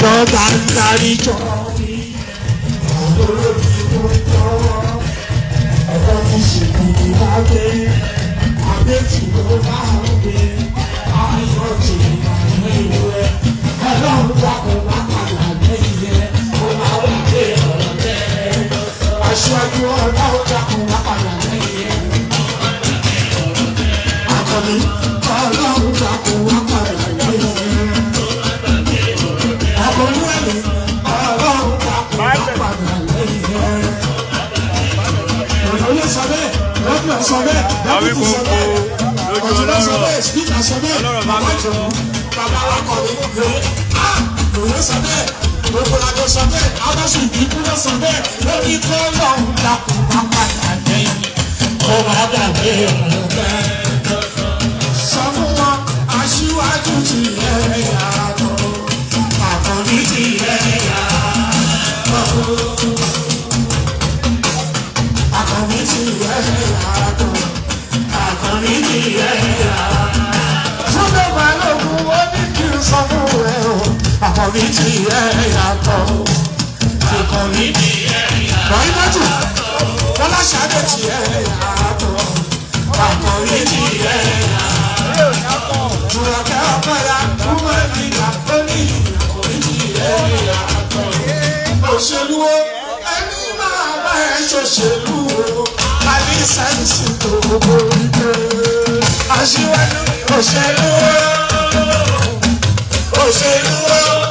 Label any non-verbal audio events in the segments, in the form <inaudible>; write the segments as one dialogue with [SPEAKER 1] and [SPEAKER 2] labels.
[SPEAKER 1] tó bá ń darí jọ ní olórí tó ń tọ́ ẹ̀fọ́ ti ṣètò ìwádé àbẹ́tì ló bá ń gbé ayọ̀ tì ní ìlú ẹ̀ ẹlọ́run dákun bá padà lẹ́yìn ẹ̀ ó máa wà dé ọ̀rọ̀ àwí gbogbo lójú ọlọ́rọ̀ ọlọ́rọ̀ bá mi sọ. bàbá wa kọ̀ mí rèé á rèé sọ bẹ́ẹ̀ gbogbo àjọ sọ bẹ́ẹ̀ adásù ìdíkú náà sọ bẹ́ẹ̀ lórí tó lọ́hùn dàkún bá padà lẹ́yìn kó má dàbí ìrùn bẹ́ẹ̀. sọ fún wọn aṣíwájú ti yẹ. sọ fún ẹ o àkọ́bí tí ẹ yàtọ̀ àkọ́bí tí ẹ yàtọ̀ lọ́yìn mọ́tò bọ́lá ṣáájú tí ẹ yàtọ̀ àkọ́bí tí ẹ yàtọ̀ jùlọkẹ́ ọ̀pẹ̀lá fúnmọ́ ìgbà ó ní àkọ́bí tí ẹ yàtọ̀ òṣèlú o ẹni máa bá ẹ ṣòṣèlú o àbí sáyẹ̀nsì tó gbogbo ìgbé aṣíwájú òṣèlú o. Oh, òṣèlú oh.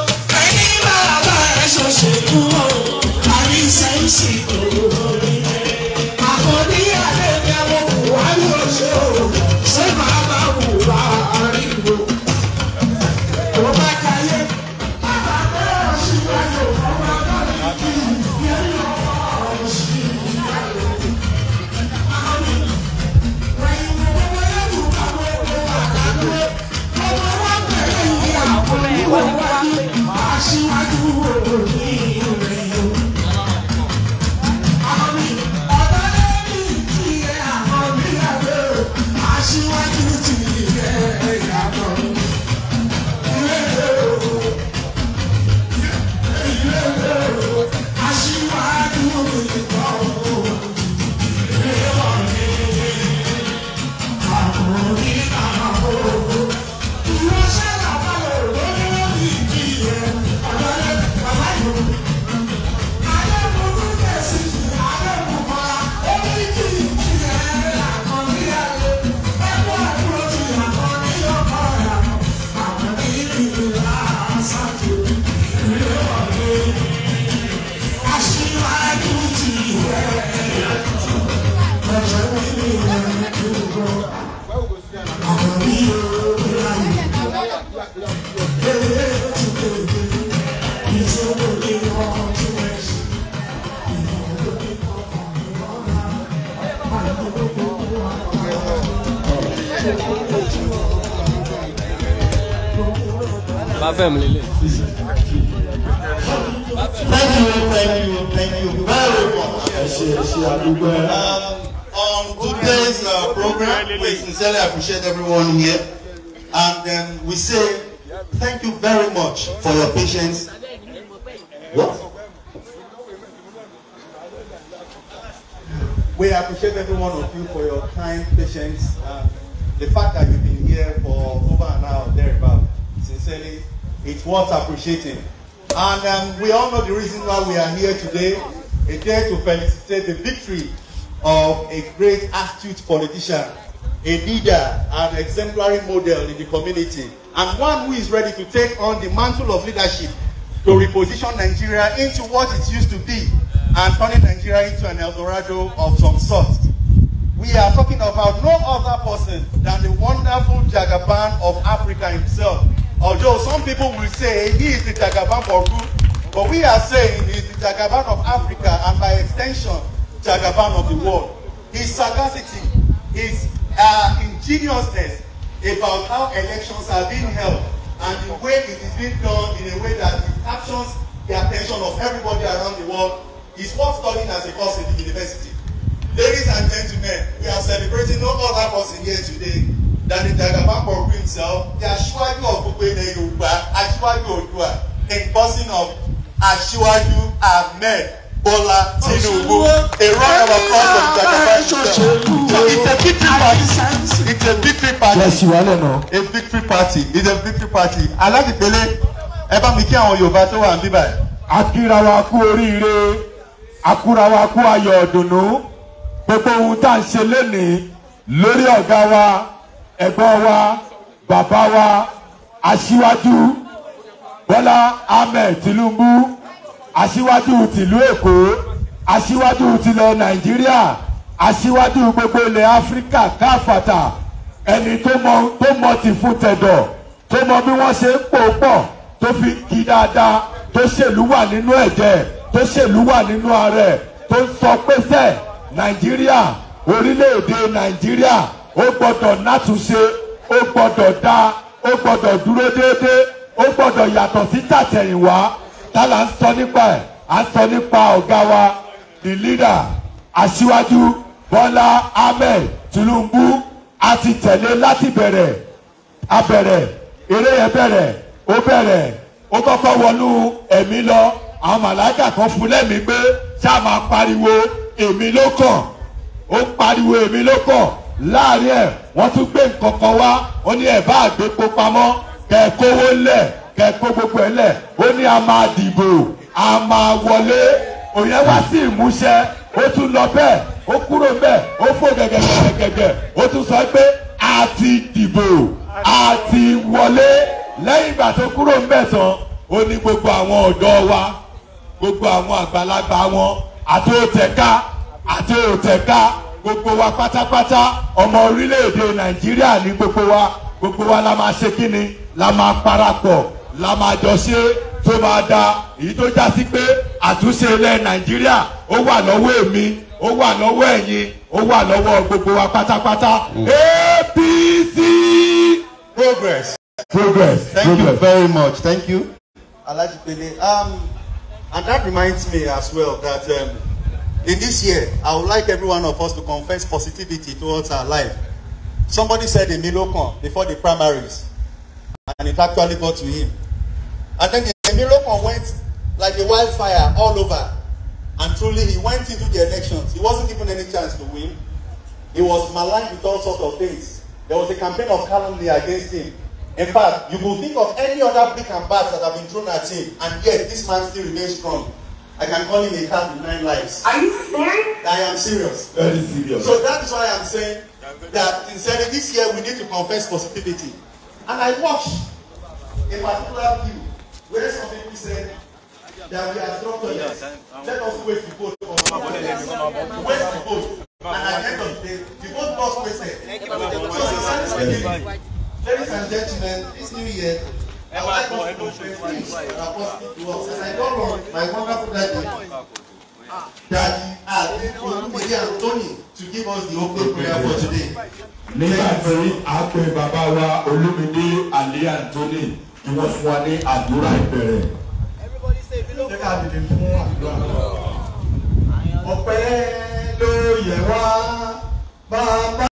[SPEAKER 2] the victory of a great astute politician, a leader, an exemplary model in the community, and one who is ready to take on the mantle of leadership to reposition Nigeria into what it used to be and turning Nigeria into an El Dorado of some sort. We are talking about no other person than the wonderful Jagaban of Africa himself. Although some people will say he is the Jagaban for good, but we are saying he is the Jagaban of Africa and by extension Jagaban of the world. His sagacity, his uh, ingeniousness about how elections are being held and the way it is being done in a way that it captures the attention of everybody around the world is worth studying as a course in the university. Ladies and gentlemen, we are celebrating no other person here today than the Jagaban for himself, the Aṣíwájú of gbogbo ilẹ̀ Yorùbá, Aṣíwájú Oòduà, in person of Aṣíwájú Ahmed Bọ́lá Tinubu a round of applause for the sacrifice it's a victory party it's a victory party yes, a victory party it's a victory party aládìpẹ́lẹ́ ẹ bá mi kí àwọn Yorùbá tó wà ń bíbà yìí. wa kú oríire akura wa kú ayọ̀ ọ̀dùnnú gbogbo ohun tá à ń ṣe lénìí lórí ọ̀gá wa ẹ̀gbọ́n wa bàbá wa aṣíwájú Bọ́lá Ahmed Tinubu. aṣíwájú tìlú èkó aṣíwájú tìlọ nàìjíríà aṣíwájú gbogbo ilẹ̀ áfíríkà káfàtà ẹni tó mọ tó mọ ti fún tẹ̀dọ̀ tó mọ bí wọn ṣe ń pò pọ̀ tó fi kí dáadáa tó ṣèlú wà nínú ẹ̀jẹ̀ tó ṣèlú wà nínú ààrẹ tó ń sọ pẹ́sẹ̀ nàìjíríà orílẹ̀-èdè nàìjíríà ó gbọ́dọ̀ nátúnṣe ó gbọ́dọ̀ dá ó gbọ́dọ̀ dúró déédéé ó gbọ́dọ̀ yàtọ̀ sí tàtẹ̀yìnwá tá là ń sọ nípa ẹ̀ à ń sọ nípa ọ̀gá wa the leader aṣíwájú Bọ́lá Ahmed Tinubu a ti tẹ̀lé láti bẹ̀rẹ̀ a bẹ̀rẹ̀ eré yẹn bẹ̀rẹ̀ ó bẹ̀rẹ̀ ó kọ́kọ́ wọnú ẹ̀mí lọ àwọn màláìkà kan fún lẹ́mìí pé ṣáà máa pariwo èmi ló kàn ó pariwo èmi ló kàn láàrin ẹ̀ wọ́n tún gbé nǹkan kan wá ó ní ẹ̀ bá àgbépo pamọ́ kẹ́ lẹ̀ kẹ́kọ́ gbogbo ẹ̀ lẹ̀ ó ní a máa dìbò a máa wọlé òyìn wá sí ìmúṣẹ ó tún lọ bẹ́ẹ̀ ó kúrò bẹ́ẹ̀ ó fò gẹ́gẹ́gẹ́gẹ́ ó tún sọ pé a ti dìbò a ti wọlé lẹ́yìn ìgbà tó kúrò ń bẹ̀ tán ó ní gbogbo àwọn ọ̀dọ́ wa gbogbo àwọn àgbàlagbà wọn àti òtẹ̀ká àti òtẹ̀ká gbogbo wa pátápátá ọmọ orílẹ̀-èdè Nàìjíríà ní gbogbo wa gbogbo wa la máa ṣe kí ni la máa parapọ̀ la máa jọ ṣe tó máa da èyí tó já sí pé àtúnṣe ilẹ̀ nàìjíríà ó wà lọ́wọ́ èmi ó wà lọ́wọ́ ẹ̀yin ó wà lọ́wọ́ gbogbo wa pátápátá mm. APC progress. progress thank progress. you very much thank you. alhaji pele um, and that reminds me as well that um, in this year I would like every one of us to confess positivity towards our life somebody said emilokan before the primaries and it actually got to him. And then the miracle went like a wildfire all over. And truly, he went into the elections. He wasn't given any chance to win. He was maligned with all sorts of things. There was a campaign of calumny against him. In fact, you could think of any other brick and bats that have been thrown at him, and yet this man still remains strong. I can call him a cat with nine lives. Are you serious? I am serious. Very serious. So that is why I'm saying that in 70 this year we need to confess positivity. And I watched a particular view where some people said that we are strong yes. Let us wait
[SPEAKER 1] to vote. for waste the boat. And at the end of the day, the boat was wasted. So sincerely speaking, ladies and gentlemen, this new year, I would like us to praise please. that are positive to us. As I go on,
[SPEAKER 2] my wonderful daddy that Adekunle Anthony to give us the opening prayer for today. Nígbà tí a pe bàbá wa Olúmidé Ali Anthony tí wọ́n fún wa ní àdúrà ìbẹ̀rẹ̀.
[SPEAKER 1] Ṣé ká dìde fún
[SPEAKER 2] àdúrà? Ọpẹ́ ló yẹ wá
[SPEAKER 1] bàbá.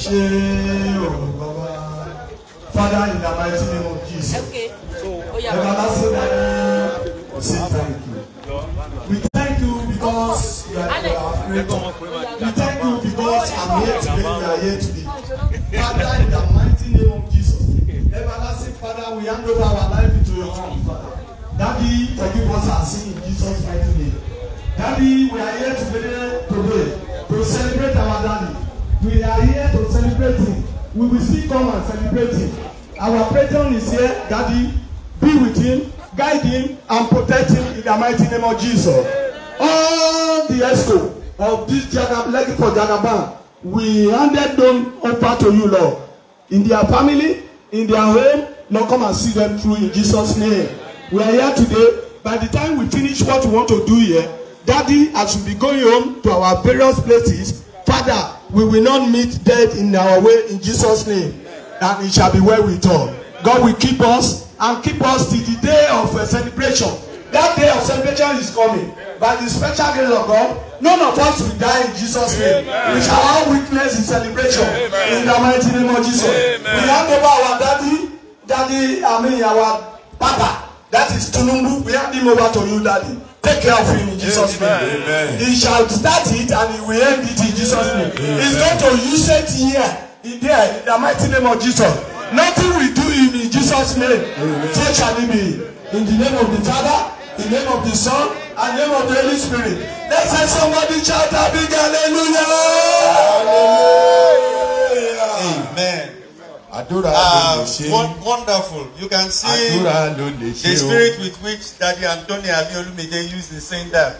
[SPEAKER 1] ṣe òun bàbá father in the mighty name of jesus everlasting daddy we say thank you we thank you because you are our creator we
[SPEAKER 3] thank you because i'm here today you are here today father in the mighty name of jesus everlasting father we hand over our life into your hand father
[SPEAKER 1] daddy forgive us our sin in jesus mighty
[SPEAKER 2] name daddy we are here today today to celebrate our daddy. We are here to celebrate him. We will still come and celebrate him. Our patron is here, Daddy. Be with him, guide him, and protect him in the mighty name of Jesus. All the esco of this jagab, leg for Janaban, we handed them over to you, Lord. In their family, in their home, Lord, come and see them through in Jesus' name. We are here today. By the time we finish what we want to do here, Daddy, as we be going home to our various places, Father, we will not meet death in our way in Jesus' name, and it shall be well with all. God will keep us and keep us to the day of uh, celebration. That day of celebration is coming. By the special grace of God, none of us will die in Jesus' name. Amen. We shall all witness in celebration Amen. in the mighty name of Jesus. Amen. We hand over our daddy, daddy, I mean our papa, that is Tunumbu. We hand him over to you, daddy. Take care of him in Jesus'
[SPEAKER 1] name.
[SPEAKER 2] He shall start it and he will end it in Jesus' name. Amen. He's going to use it here, in there, in the mighty name of Jesus. Nothing we do him in Jesus' name. Amen. So shall it be. In the name of the Father, in the name of the Son, and the name of the Holy Spirit. Let's have somebody shout a big hallelujah. Hallelujah. Amen. Àdúrà ló ah, lè ṣe. Wonderful. You can see Àdúrà ló lè ṣe o. the spirit with which Daddy Anthony Abiolumide used the same. that.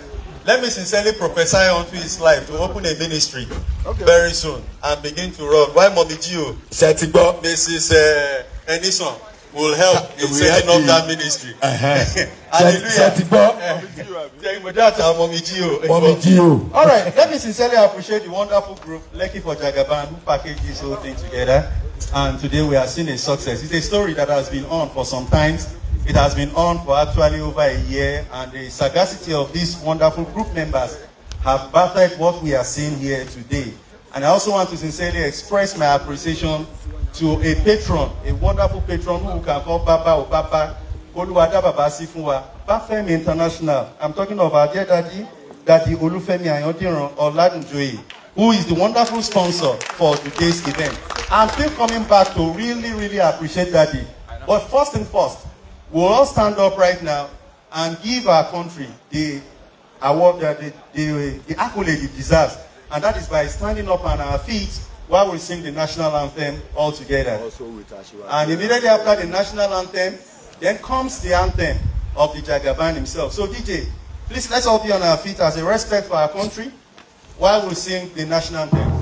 [SPEAKER 2] Let me sincerely prophesy unto his life to open a ministry okay. very soon and begin to run. Why Mommy Gio? Ṣé ti gbọ́? Mrs. Uh, eh, will help ah, in setting up that ministry. <laughs> <laughs> Hallelujah. Ṣé ti gbọ́? Eh, Jẹ́gbẹ́dàtà Mommy Gio. Mommy Gio. All right, let me sincerely appreciate the wonderful group Lekki for Jagaban who package this whole thing together. and today we are seeing a success. It's a story that has been on for some time. It has been on for actually over a year, and the sagacity of these wonderful group members have birthed what we are seeing here today. And I also want to sincerely express my appreciation to a patron, a wonderful patron who can call Baba or Papa, Oluwada Baba Sifunwa, Bafemi International. I'm talking of our dear daddy, Daddy Olufemi Ayodiran, or Ladunjoye. who is the wonderful sponsor for today's event. I'm still coming back to really, really appreciate Daddy. But first and first, we'll all stand up right now and give our country the award that the, the, the accolade it deserves. And that is by standing up on our feet while we sing the national anthem all together. Also with And immediately after the national anthem, then comes the anthem of the Jagaban himself. So DJ, please let's all be on our feet as a respect for our country. while we sing the national anthem.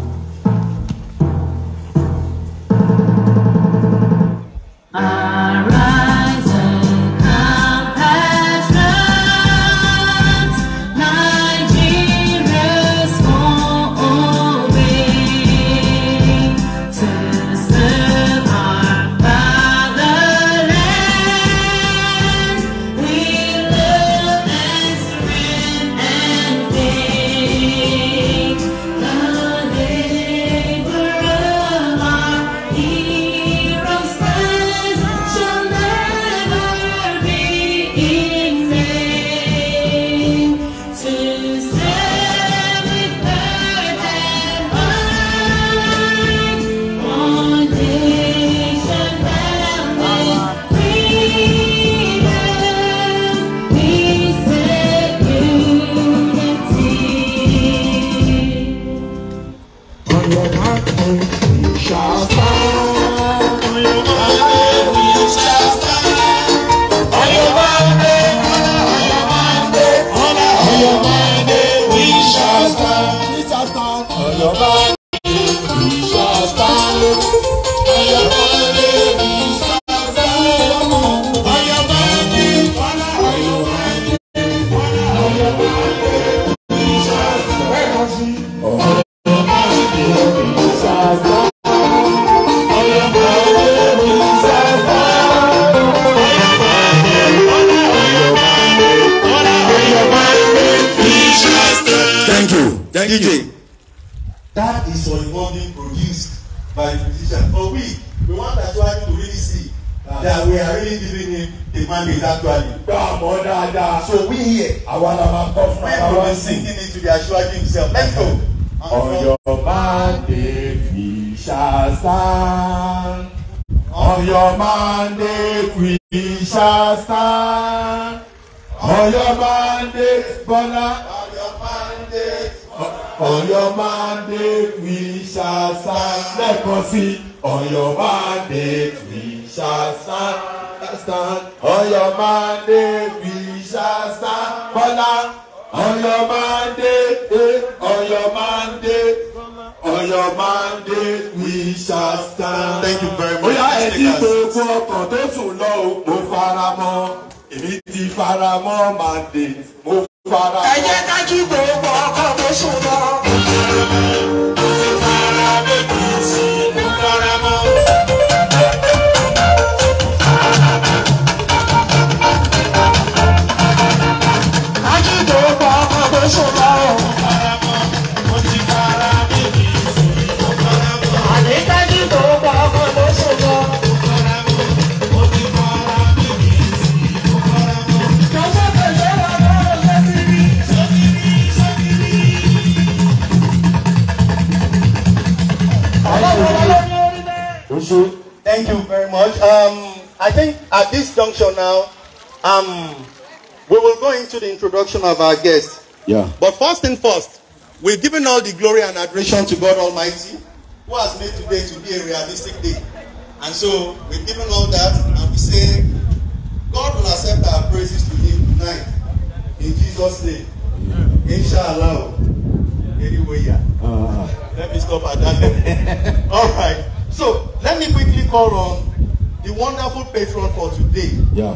[SPEAKER 2] star. On your mandate, Bola. On your mandate, Bola. On your mandate, we shall stand. Let us see On your mandate, we shall stand. stand. On your mandate, we shall stand. Bola. On your mandate, on your mandate. Ọ̀yọ́ Monday we shall
[SPEAKER 1] stand. Thank
[SPEAKER 2] you very much. gbogbo ọkàn tó sùn lọ mo fara mọ́. Èmi ti fara mọ́ Monday, mo fara mọ́. Ẹ jẹ́
[SPEAKER 1] gbogbo ọkàn tó sùn lọ. Mo ti fara
[SPEAKER 2] Thank you very much. Um, I think at this juncture now, um, we will go into the introduction of our guest. Yeah. But first and first, we've given all the glory and adoration to God Almighty, who has made today to be a realistic day. And so we've given all that, and we say, God will accept our praises to Him tonight. In Jesus' name. Inshallah. Anyway, yeah. Uh, Let me stop at that <laughs> all right. So Let me quickly call on the wonderful patron for today. Yeah.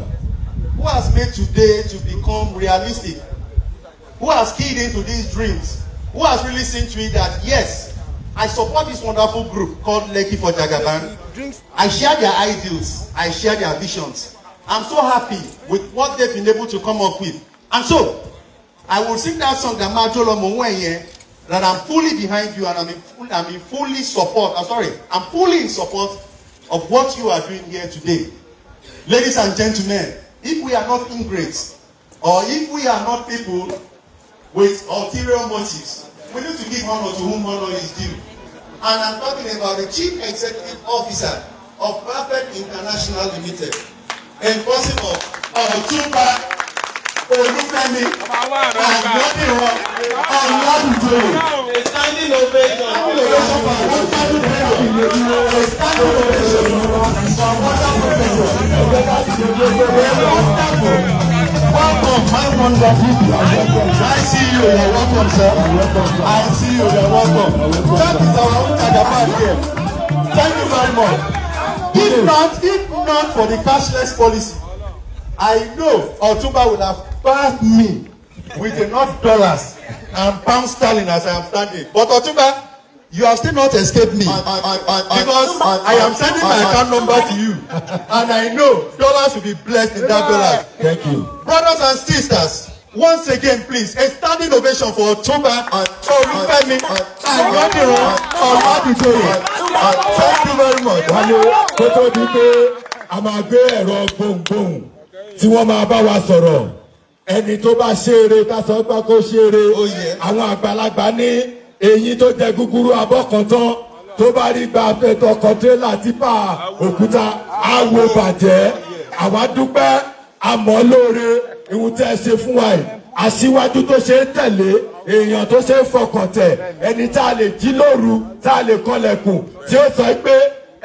[SPEAKER 2] Who has made today to become realistic? Who has keyed into these dreams? Who has really seen to it that, yes, I support this wonderful group called Lekki for Jagaban. I share their ideals. I share their visions. I'm so happy with what they've been able to come up with. And so, I will sing that song that Majolo Mwenye that I'm fully behind you and I'm in, full, I'm in fully support. I'm sorry, I'm fully in support of what you are doing here today. Ladies and gentlemen, if we are not ingrates or if we are not people with ulterior motives, we need to give honor to whom honor is due. And I'm talking about the Chief Executive Officer of Perfect International Limited, impossible,
[SPEAKER 1] our two-part Olúfẹ́mi ọ̀nàdìrọ̀ ọ̀nàdìjọ. Standing ovation. Standing ovation. Welcome, my wonderful people. I see you, You are welcome, sir. I see you, You are welcome. That is our own Kadaban here. Thank
[SPEAKER 2] you very much. If not, if not for the cashless policy, I know Otumba would have Pass me with enough dollars and pound sterling as I am standing. But Otumba, you have still not escaped me. because I am sending my account number to you. And I know dollars will be blessed in that dollar. Thank you. Brothers and sisters, once again, please, a standing ovation for Otumba
[SPEAKER 1] Olufemi Ayodiro Oladutoye. Thank you very much. Wálé ẹ̀rọ gbohùngbohùn tí wọ́n
[SPEAKER 2] máa bá wa sọ̀rọ̀ ẹni tó bá ṣeré kásán gbá kó ṣeré àwọn àgbàlagbà ní eyín tó jẹ gúgúrú abọ́kàntán tó bá rí gba afẹ́tọ̀ kọ́ńtẹ́là tipa òkúta àwo bàjẹ́ àwa dúpẹ́ àmọ́ lóore ìhun tẹ́ ẹ ṣe fún wa yìí aṣíwájú tó ṣe é tẹ̀lé èèyàn tó ṣe é fọkàn tẹ̀ ẹni tá a lè jí lóru tá a lè kọlẹ̀kùn tí ó sọ pé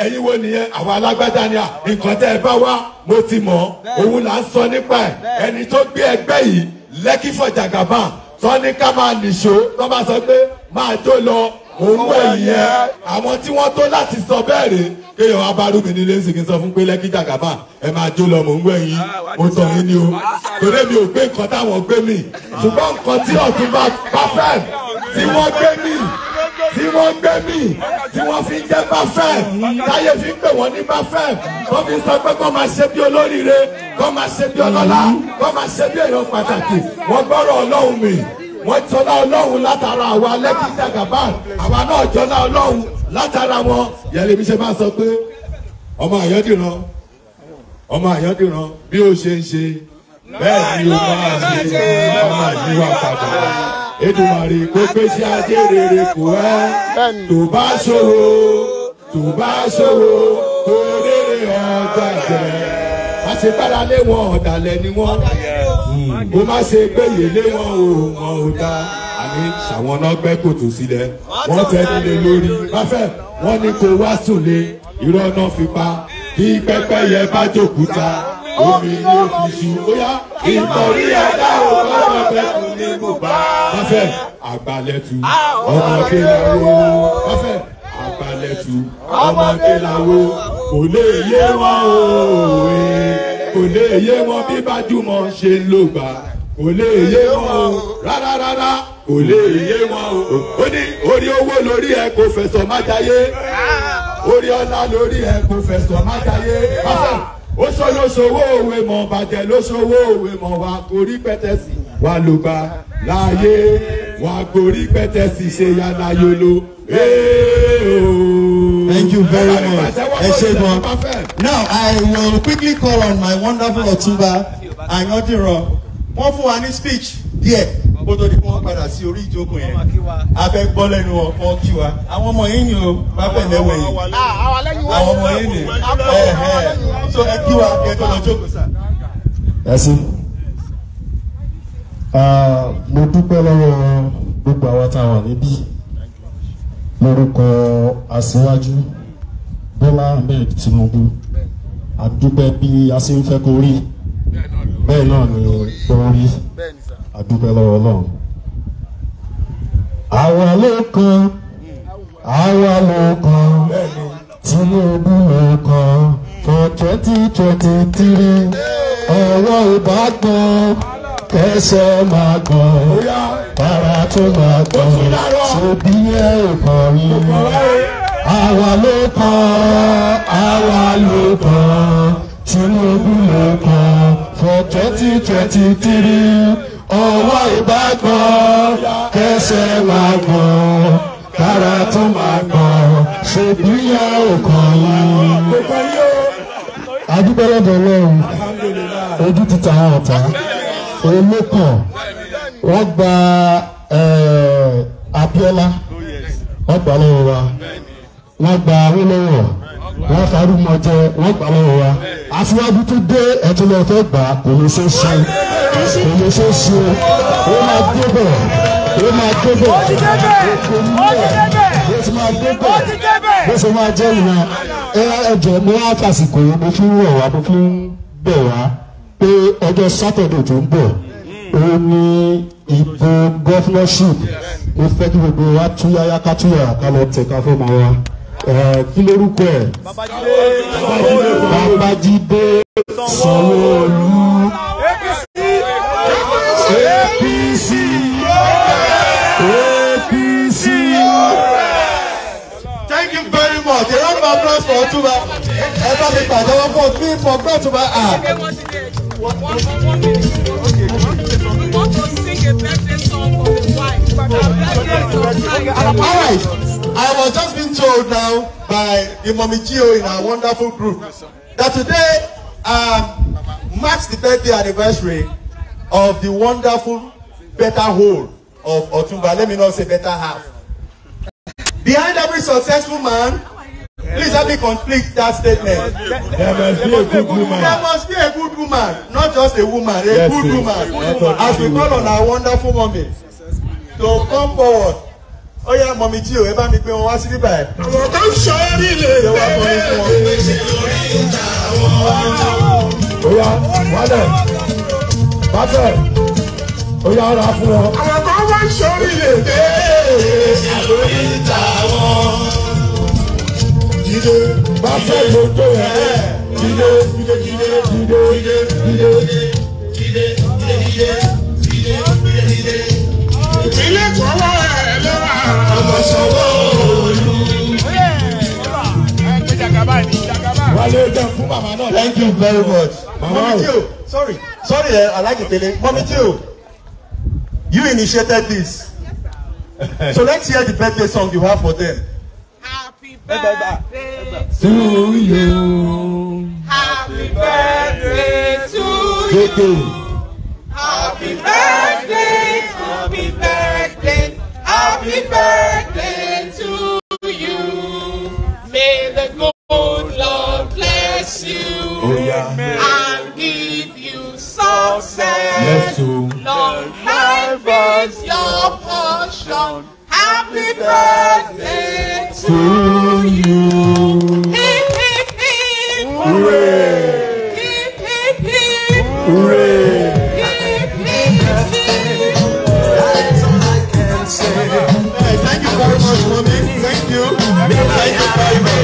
[SPEAKER 2] ẹ̀yin wo nìyẹn àwọn alágbádá ni à nǹkan tẹ́ ẹ bá wá mo ti mọ̀ òun là ń sọ nípa ẹ̀ ẹni tó gbé ẹgbẹ́ yìí lẹ́kí fọ̀jàgàbá tọ́ ká máa nìṣó tọ́ bá sọ pé máa jó lọ òun wẹ̀ yẹn àwọn tí wọ́n tó láti sọ bẹ́ẹ̀ rè kéèyàn wá nílé ń sìnkì sọ fún pé lẹ́kí jàgàbá ẹ máa jó lọ mò ń wẹ̀ yín ah, mo tọ̀ yín ni o torí mi ò gbé nǹkan táwọn gbé mi ṣùgbọ́n nǹkan tí ọ̀tún bá fẹ́ tí wọ́n gbé mi tí wọ́n gbé mi tí wọ́n fi jẹ́ bafẹ́ táyé fi pè wọ́n ní bafẹ́ wọ́n fi sọ pé kọ́ máa ṣe bí olóríire kọ́ máa ṣe bí ọlọ́lá kọ́ máa ṣe bí èèyàn pàtàkì wọ́n gbọ́rọ̀ ọlọ́run mi wọ́n jọlá ọlọ́run látara àwa lẹ́kí dàgàbà àwa náà jọlá ọlọ́run látara wọn yẹlẹmi ṣe máa sọ pé ọmọ àyọ́dìran ọmọ àyọ́dìran bí ó ṣe ń ṣe bẹ́ẹ̀ ni ó máa ṣe ọmọ àyíwá padà. Èdùmàrè kó gbèsè ajé rere kù ẹ́ tó bá ṣòro tó bá ṣòro tó rere ọgbà jẹ má ṣe gbára lé wọn ọ̀dàlẹ̀ ni wọ́n kó má ṣe gbéyè lé wọn o wọn ò dá àní ṣàwọn náà gbẹ́ kòtò sílẹ̀ wọ́n tẹ́ nílé lórí má fẹ́ wọ́n ní kó wá sùn lé irọ́ náà fi pa kí pẹ́pẹ́yẹ bá jòkúta omi ni
[SPEAKER 1] ó fi ṣu bóyá ìtọ̀rí ẹ̀dá ò bá wọn fẹ́ tu ní bùbá. afẹ́ àgbàlẹ̀tù ọmọdé làwọ̀ afẹ́ àgbàlẹ̀tù ọmọdé
[SPEAKER 2] làwọ̀ kò lè yé wọn òwe kò lè yé wọn bí bájúmọ̀ ṣe ló gbà kò lè yé wọn o rárá rárá kò lè yé wọn o ó ní orí owó lórí ẹ kò fẹsọ̀ má jayé ah. orí ọlá lórí ẹ kò fẹsọ̀ má jayé ó sọ ló sowó òwe mọ̀ bàjẹ́ ló sowó òwe mọ̀ wà kórí pẹ́tẹ́sì wà ló gbà láàyè wà kórí pẹ́tẹ́sì ṣe yàrá yolo. Thank you very much. Ẹ ṣé gan. Now I will quickly call on my wonderful Otunba Ayodiro. Wọ́n fún wa ní speech díẹ̀. Yeah kó tó di kí wọ́n padà sí orí ìjókòó yẹn a fẹ́ gbọ́ lẹ́nu ọ̀kan kí wa àwọn ọmọ yìí ni o bá fẹ̀ lẹ́wọ̀ yìí ah, àwọn ọmọ yìí ni so ẹ kí wa kẹ́ tó lọ jókòó sà.
[SPEAKER 1] Ah, mo dúpẹ́ lọ́wọ́ gbogbo
[SPEAKER 2] àwọn táwọn níbí lórúkọ aṣíwájú Bọ́lá Ahmed Tinubu a bí a ṣe rí bẹ́ẹ̀ náà ni kó rí àdúpẹ́ lọ́wọ́ ọlọ́run
[SPEAKER 1] àwa ló kan àwa ló kan Tinubu ló kan for twenty twenty three ọwọ́ ìbátan kẹsẹ̀ máa gbọ̀n para tó máa gbọ̀n ṣòbí ẹ̀ ò kàn rí àwa ló kan àwa ló kan Tinubu ló kan for twenty twenty three ọwọ́ ìbákan kẹsẹ̀ máa kàn kára tó máa kàn ṣèbíyà òkàn yìí. adúgbò lọ́dọ̀ ọlọ́run ojú ti ta
[SPEAKER 3] ọ̀tá olókàn wọ́n gba eh, Abíọ́lá wọ́n gbà lọ́wọ́ wa wọ́n gba wílọ́wọ́
[SPEAKER 1] wọ́n farú mọ jẹ wọ́n gbà lọ́wọ́ wa aṣíwájú tó dé ẹtí lọ fẹ́ gbà kò ní ṣe ṣe kò ní ṣe ṣe ó máa dé bẹ̀ ó máa dé bẹ̀ ó ti dé bẹ̀ ó ti máa dé bẹ̀ ó ti dé bẹ̀ bó ṣe máa jẹ́ ìran ẹ ẹjọ́ mo wá fàsìkò yìí mo fi ń wọ̀ wá mo fi ń bẹ̀ wá pé ọjọ́ sátọ̀dẹ̀ tó ń bọ̀ ó ní ìbò gọ́fúnọ́ṣìp
[SPEAKER 2] ó fẹ́ kí gbogbo wa túyáyá ká túyà ká lọ tẹ̀ka fún ọmọ wa kí lórúkọ ẹ̀
[SPEAKER 1] Babájídé sanwó APC APC. Thank you very much a round of applause for Ọ̀túnba ẹ bá mi pàdánwò
[SPEAKER 2] fún mi for gbé Ọ̀túnba à.
[SPEAKER 1] All right.
[SPEAKER 2] I was just being told now by the Mommy Gio in our wonderful group that today um, marks the 30th anniversary of the wonderful better whole of Otumba. Let me not say better half. Behind every successful man, please let me complete that statement. There must be a good woman. There must be a good woman, not just a woman, a yes, good woman, as we call on our wonderful mommy to come forward ó yá mọ̀mí jí o ẹ bá mi gbé wọn wá sí bíbá ẹ. àwọn tó ń sọ orí lè lè wá kọ́ ní
[SPEAKER 1] fún wọn. ó yá wálẹ̀ bàtẹ̀ ó yá ọ̀rọ̀ fún wọn. àwọn tó wá ń sọ orí lè lè lórí ìta wọn. jíde bàtẹ̀ ló tó yẹ jíde jíde jíde jíde jíde jíde jíde jíde jíde jíde. ilé kan wá.
[SPEAKER 2] Oh, thank
[SPEAKER 4] you very much. mama
[SPEAKER 2] sorry sorry ẹ eh, alhaji pele mami you initiated this so let's hear the birthday song you have for them. happy birthday to
[SPEAKER 1] you. happy birthday to you. happy birthday happy birthday. Happy birthday to you. May the good Lord bless you. Oh, yeah. And give you success. Yes, Lord, life is your portion. Happy birthday to you.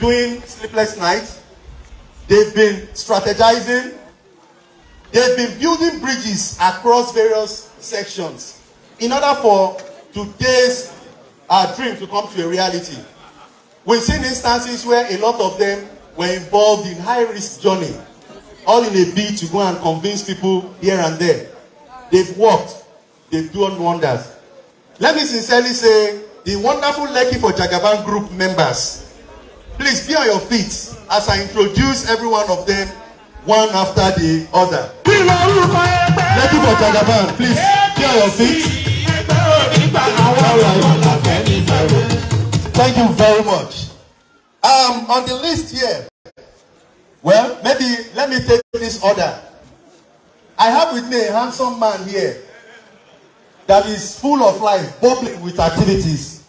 [SPEAKER 2] doing sleepless nights. They've been strategizing. They've been building bridges across various sections in order for today's uh, dream to come to a reality. We've seen instances where a lot of them were involved in high-risk journey, all in a bid to go and convince people here and there. They've worked. They've done wonders. Let me sincerely say the wonderful lucky for Jagaban group members Please be on your feet as I introduce every one of them one after the other. Thank you for Jagaban. Please be on your feet. Thank you very much.
[SPEAKER 4] Um, on the list
[SPEAKER 2] here, well, maybe let me take this order. I have with me a handsome man here that is full of life, bubbling with activities.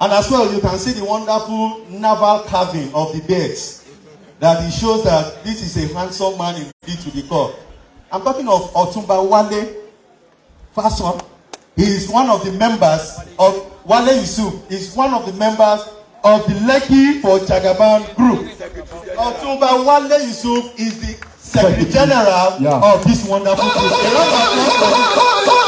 [SPEAKER 2] And as well, you can see the wonderful naval carving of the birds. That it shows that this is a handsome man indeed to the core. I'm talking of Otumba Wale Fason. He is one of the members of Wale Yusuf. Is one of the members of the Lekki for Chagaban group. Otumba Wale Yusuf is the Secretary General yeah. of this wonderful country.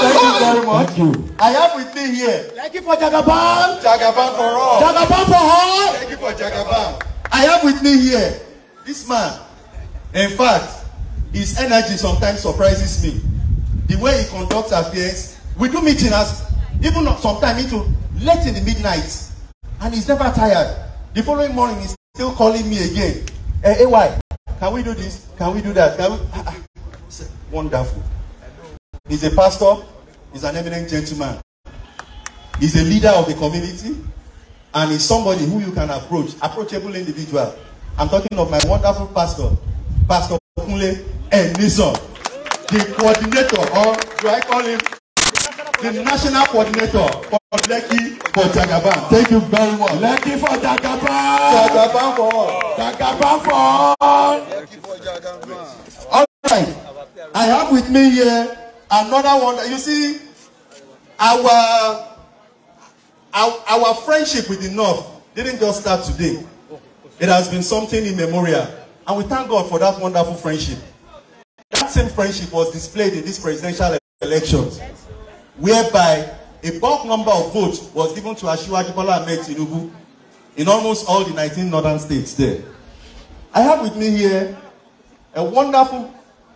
[SPEAKER 2] Thank you very much. Thank you. I have with me here. Thank you for Jagaban. Jagaban for all. Jagaban for all. Thank
[SPEAKER 1] you for Jagaban.
[SPEAKER 2] I have with me here. This man, in fact, his energy sometimes surprises me. The way he conducts affairs, we do meetings even sometimes into late in the midnight, and he's never tired. The following morning, he's still calling me again. Uh, hey, Can we do this? Can we do that? Can we? Ah, ah. wonderful. He's a pastor. He's an eminent gentleman. He's a leader of the community. And he's somebody who you can approach. Approachable individual. I'm talking of my wonderful pastor. Pastor Kunle Enison. The coordinator, or do I call him the national coordinator for from for Jagaban. Thank you very much. Lekki for Jagaban. Jagaban for all. for all. right. I have with me here another one. You see, our our, friendship with the North didn't just start today. It has been something in immemorial. And we thank God for that wonderful friendship. That same friendship was displayed in these presidential elections, whereby A bulk number of votes was given to Ashiwaju Bola Ahmed Tinubu in almost all the 19 northern states there. I have with me here a wonderful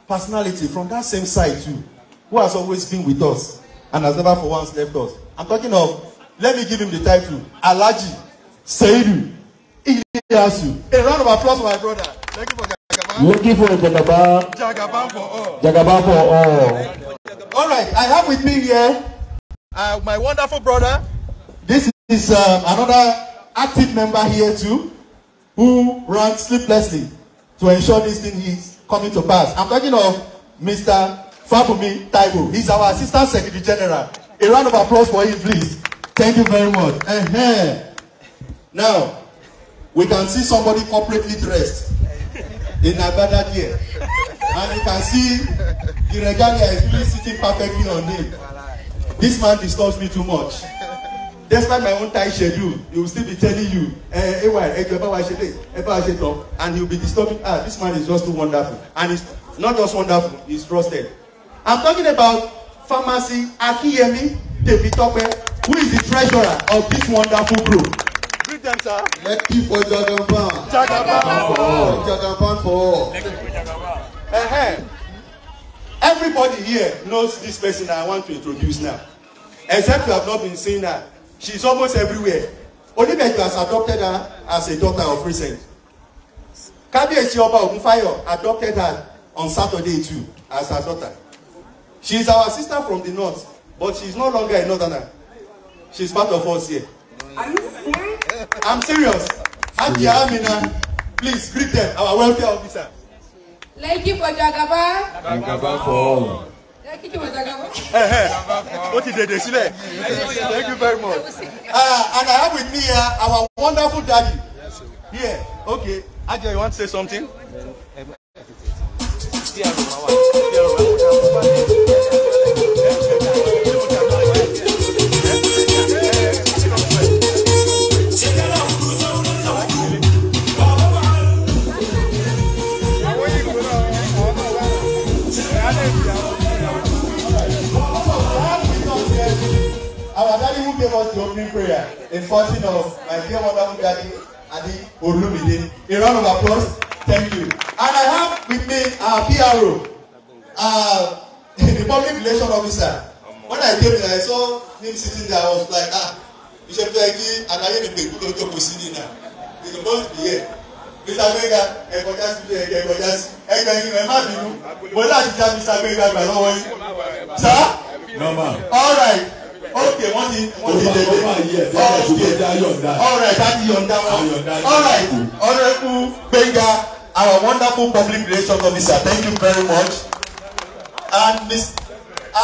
[SPEAKER 2] personality from that same side too, who has always been with us and has never for once left us. I'm talking of, let me give him the title, Alaji Seiru, Iliasu. A round of applause for my brother. Thank you for Jagaban. Looking for Jagaban. Jagaban for all. Jagaban for all. All right, I have with me here Uh, my wonderful brother. This is um, another active member here too, who runs sleeplessly to ensure this thing is coming to pass. I'm talking of Mr. Fabumi Taibo. He's our Assistant Secretary General. A round of applause for him, please. Thank you very much. Uh -huh. Now, we can see somebody corporately dressed in Agbada here, And you can see the regalia is really sitting perfectly on him this man disturbs me too much despite my own tight schedule he will still be telling you eh ay eh, ẹ eh, jọ̀ọ́ ẹ bá wa ṣe lè ẹ bá wa ṣe tán and he will be disturbing ah this man is just too wonderful and he's not just wonderful he's trusted i'm talking about pharmacy akiyemi temitope who is the treasurer of this wonderful group. greet them sir. let me for jagaban. jagaban for all. jagaban for all. Uh -huh. everybody here knows this person i want to introduce now except you have not been seeing her she is almost everywhere oníbẹ̀jọ has adopted her as a daughter of recent kábíyèsí ọba ògúnfáyọ adopted her on saturday too as her daughter she is our sister from the north but she is no longer a northerner she is part of us here.
[SPEAKER 3] are you serious.
[SPEAKER 2] i am serious
[SPEAKER 1] hajiya amina
[SPEAKER 2] please greet them our welfare officer.
[SPEAKER 3] lekki for jagaba.
[SPEAKER 2] jagaba for all ó ti dèdè sílẹ̀ thank you very much uh, and I have with me uh, our wonderful daddy here okay Ajayi you want to say something. The opening prayer in fortune of my dear wonderful daddy Adi Olumide. A round of applause. Thank you. And I have with me our PRO, uh, <laughs> the public Relations officer. When I came there, I saw him sitting there. I was like, ah, Bishop Jagi, and I hear the people don't talk with Sydney now. They supposed to be here. Mr. Gbega, ẹ̀kọ́já sí ẹ̀kẹ́ ẹ̀kọ́já sí ẹgbẹ́ yín ẹ̀ má bínú. Mo láti já Mr. Gbega gbà lọ́wọ́ yín. Sir? Normal. All right. Okay, wọ́n ti wọ́n ti lè dé ok alright láti yọ̀ǹda wọn alright honourable Gbenga our wonderful public relations officer thank you very much and Mr.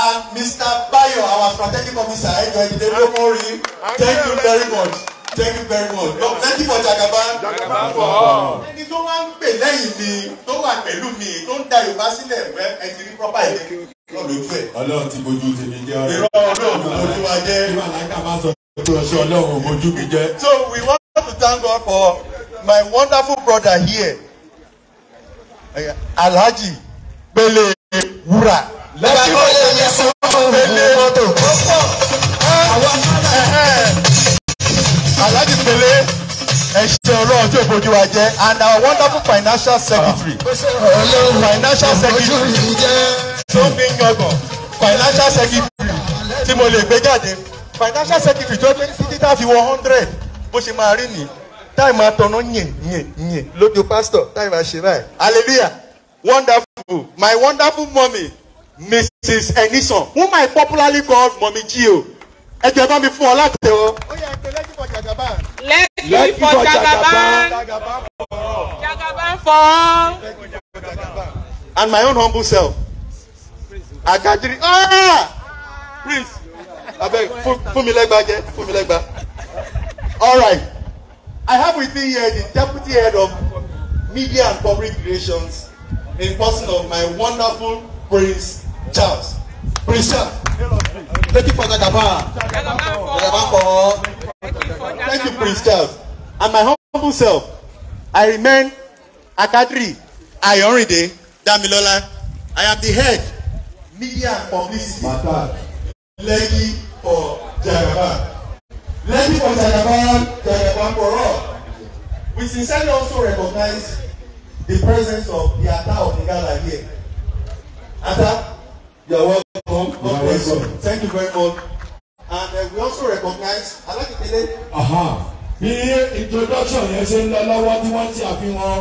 [SPEAKER 2] and Mr. Bayo our strategic officer ẹjọ ìdílé lómọrin thank you very much thank you very much no thank you for Jagaban Jagaban for all. ẹni tó wá ń pè lẹ́yìn mi tó wà pẹ̀lú mi tó ń da Yorùbá sílẹ̀ ẹ ti rí proper ẹ̀ ọlọ́run ti bójú tèmi jẹ́ ọ̀rẹ́. irọ́ ọlọ́run kò bójú wa jẹ́. ìwà máa sọ pé ọlọ́run bójú mi jẹ́. So we want to thank God for my wonderful brother here Alhaji Bele, Wura. lọ́ba tó lè yẹ sọ́kùn Pele mọ́tò. Alhaji Pele ẹ̀ṣẹ̀ ọlọ́run tí ògbójú wa jẹ́ and our wonderful financial secretary ah. financial secretary tó ń fi ń yangàn financial secretary tí mo lè gbé jáde financial secretary tó gbé títí tá fi wọ hundred bó ṣe máa rí nìyí táì máa tọ̀nà yìn yìn yìn lójú pásítọ̀ táì máa ṣe báyìí hallelujah wonderful my wonderful mommy mrs enison whom i popularly call mommy gio ẹ jẹ́ bá mi fún ọ láti tẹ̀wọ́.
[SPEAKER 1] ó yẹ ẹgbẹ́ lẹ́yìn bọ̀ jàjàbá lẹ́kì for jagaban jagaban
[SPEAKER 2] fọ. and my own humble self I agadiri ah please abeg fún mi lẹ́gba jẹ fún mi lẹ́gba all right I have with me here the deputy head of media and public relations in person of my wonderful Prince Charles Prince Charles Thank you for jagaban jagaban fọ. Thank you, Prince Charles. And my humble self, I remain Akadri Ayorinde Damilola. I am the head media and publicity matter. Lekki for Jagaban. Lekki for Jagaban, Jagaban for all. We sincerely also recognize the presence of the Ata of Igala here. Ata, you are welcome. You are welcome. Thank you very much and uh, we also recognize alákìkele. bí introduction yẹn ṣe ń lọ lọ́wọ́ tí wọ́n ṣe àfihàn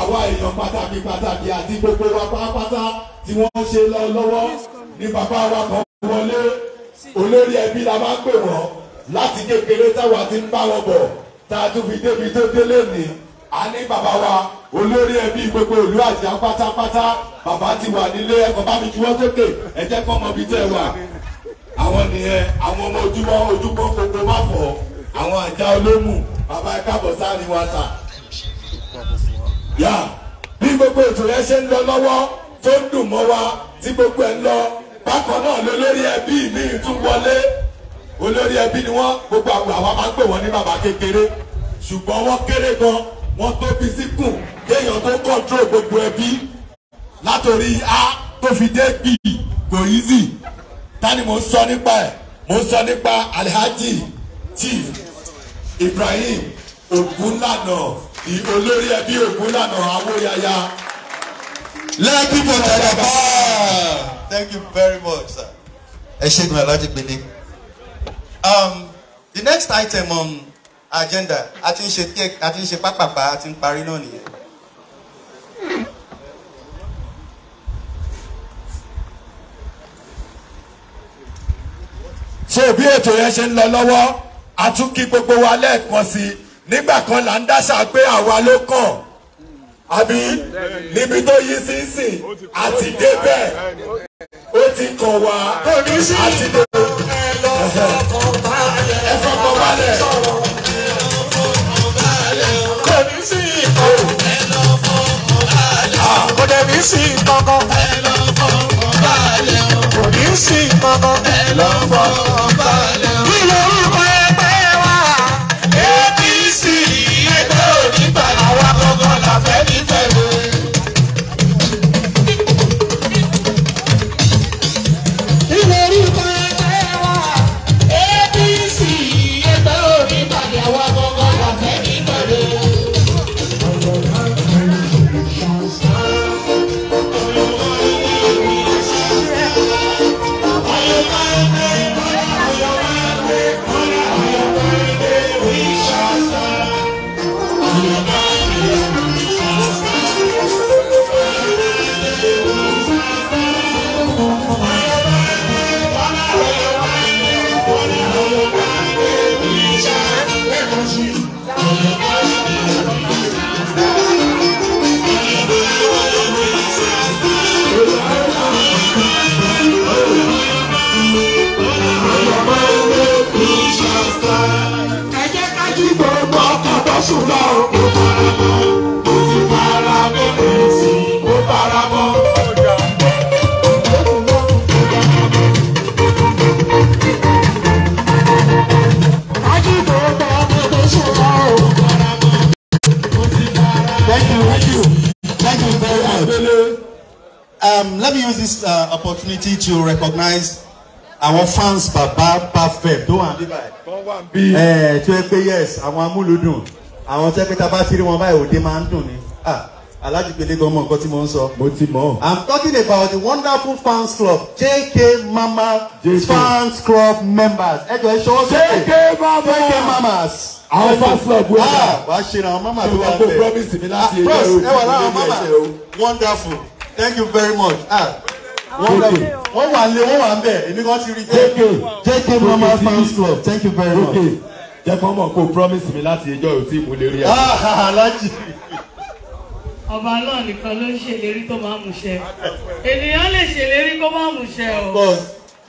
[SPEAKER 2] àwa èèyàn pàtàkì pàtàkì àti gbogbo wa pátápátá tí wọ́n ṣe lọ lọ́wọ́ ní bàbá wa kan wọlé olórí ẹbí la máa ń pè wọ́n láti kékeré táwa ti ń bá wọn bọ̀ tá a tún fi débi tó délé nìí a ní bàbá wa olórí ẹbí gbogbo ìlú àjà pátápátá bàbá ti wà nílé ẹ̀kọ́ bá mi juwọ́ sókè ẹ jẹ́ kó mọ ibi tẹ́ wà àwọn nìyẹn àwọn ọmọ ojúbọ ojúbọ gbogbo má fọ àwọn àjà olómù bàbá kábọ̀ sáni wa ta. yà bí gbogbo ètò yẹn ṣe ń lọ lọ́wọ́ tó ń dùn mọ́ wa tí gbogbo ẹ̀ ń lọ bákan náà lólórí ẹbí mi tún wọlé olórí ẹbí ni wọ́n gbogbo àwọn àwa máa ń pè wọ́n ní bàbá kékeré ṣùgbọ́n wọ́n kéré gan wọ́n tóbi sí kéèyàn tó kọ́ńtró gbogbo ẹbí látòrí a tó fi dé bì kò yí sí tani mo sọ nípa ẹ̀ mo sọ nípa Alhaji Chief Ibrahim Ogunlana olórí ẹbí Ogunlana Awóyaya. Let people tell them ah thank you very much sir. ẹ ṣe gbọ́n Alhaji gbẹ̀dẹ̀. Um, the next item on agenda a ti ń ṣe pápápá a ti ń parí náà nìyẹn. so bí ètò yẹn ṣe ń lọ lọ́wọ́ a tún kí gbogbo wa lẹ́ẹ̀kan sí i nígbà kan là ń dáṣà pé àwa ló kàn àbí níbi tó yí sí sìn àti débẹ̀ ó
[SPEAKER 1] ti kàn wá àti débẹ̀ ẹ fọkàn balẹ̀. Ah. kò dẹ̀ bí sí kankan kò Thank you, thank
[SPEAKER 2] you. Thank you very much. Um, let me use this uh, opportunity to recognize our fans baba perfect tó wà níbàyìí. ẹ tó yẹ pé yes àwọn amúlùdùn àwọn tó yẹ pé tá a bá ti rí wọn báyìí òde máa ń dùn Alhaji Pelegan mọ nǹkan tí mo ń sọ. Mo ti mọ̀. I'm talking about the wonderful fans club JK Mama JK. fans club members. Ẹ jọ ẹ ṣọwọ́ sókè. JK Mama JK Mamas. Àwọn fans club wẹ̀ náà. Ah, wàá ṣe ra àwọn mama tó wà bẹ̀. Ṣé o promise mi láti ah, ilé o? Ẹ wà láwọn mama. Wonderful. Thank you very much. Ah. Wonderful. Wọ́n wà lé wọ́n wà ń bẹ̀. Èmi kan ti rí JK. JK Mama fans club. Thank you very much. Jẹ́ kọ́ mọ̀ kó promise mi láti ìjọ́ òtí ìmúlérí.
[SPEAKER 3] Aláàjì
[SPEAKER 1] ọba náà nìkan ló ń ṣèlérí tó máa mú ṣẹ ènìyàn lè ṣèlérí kó máa mú ṣẹ o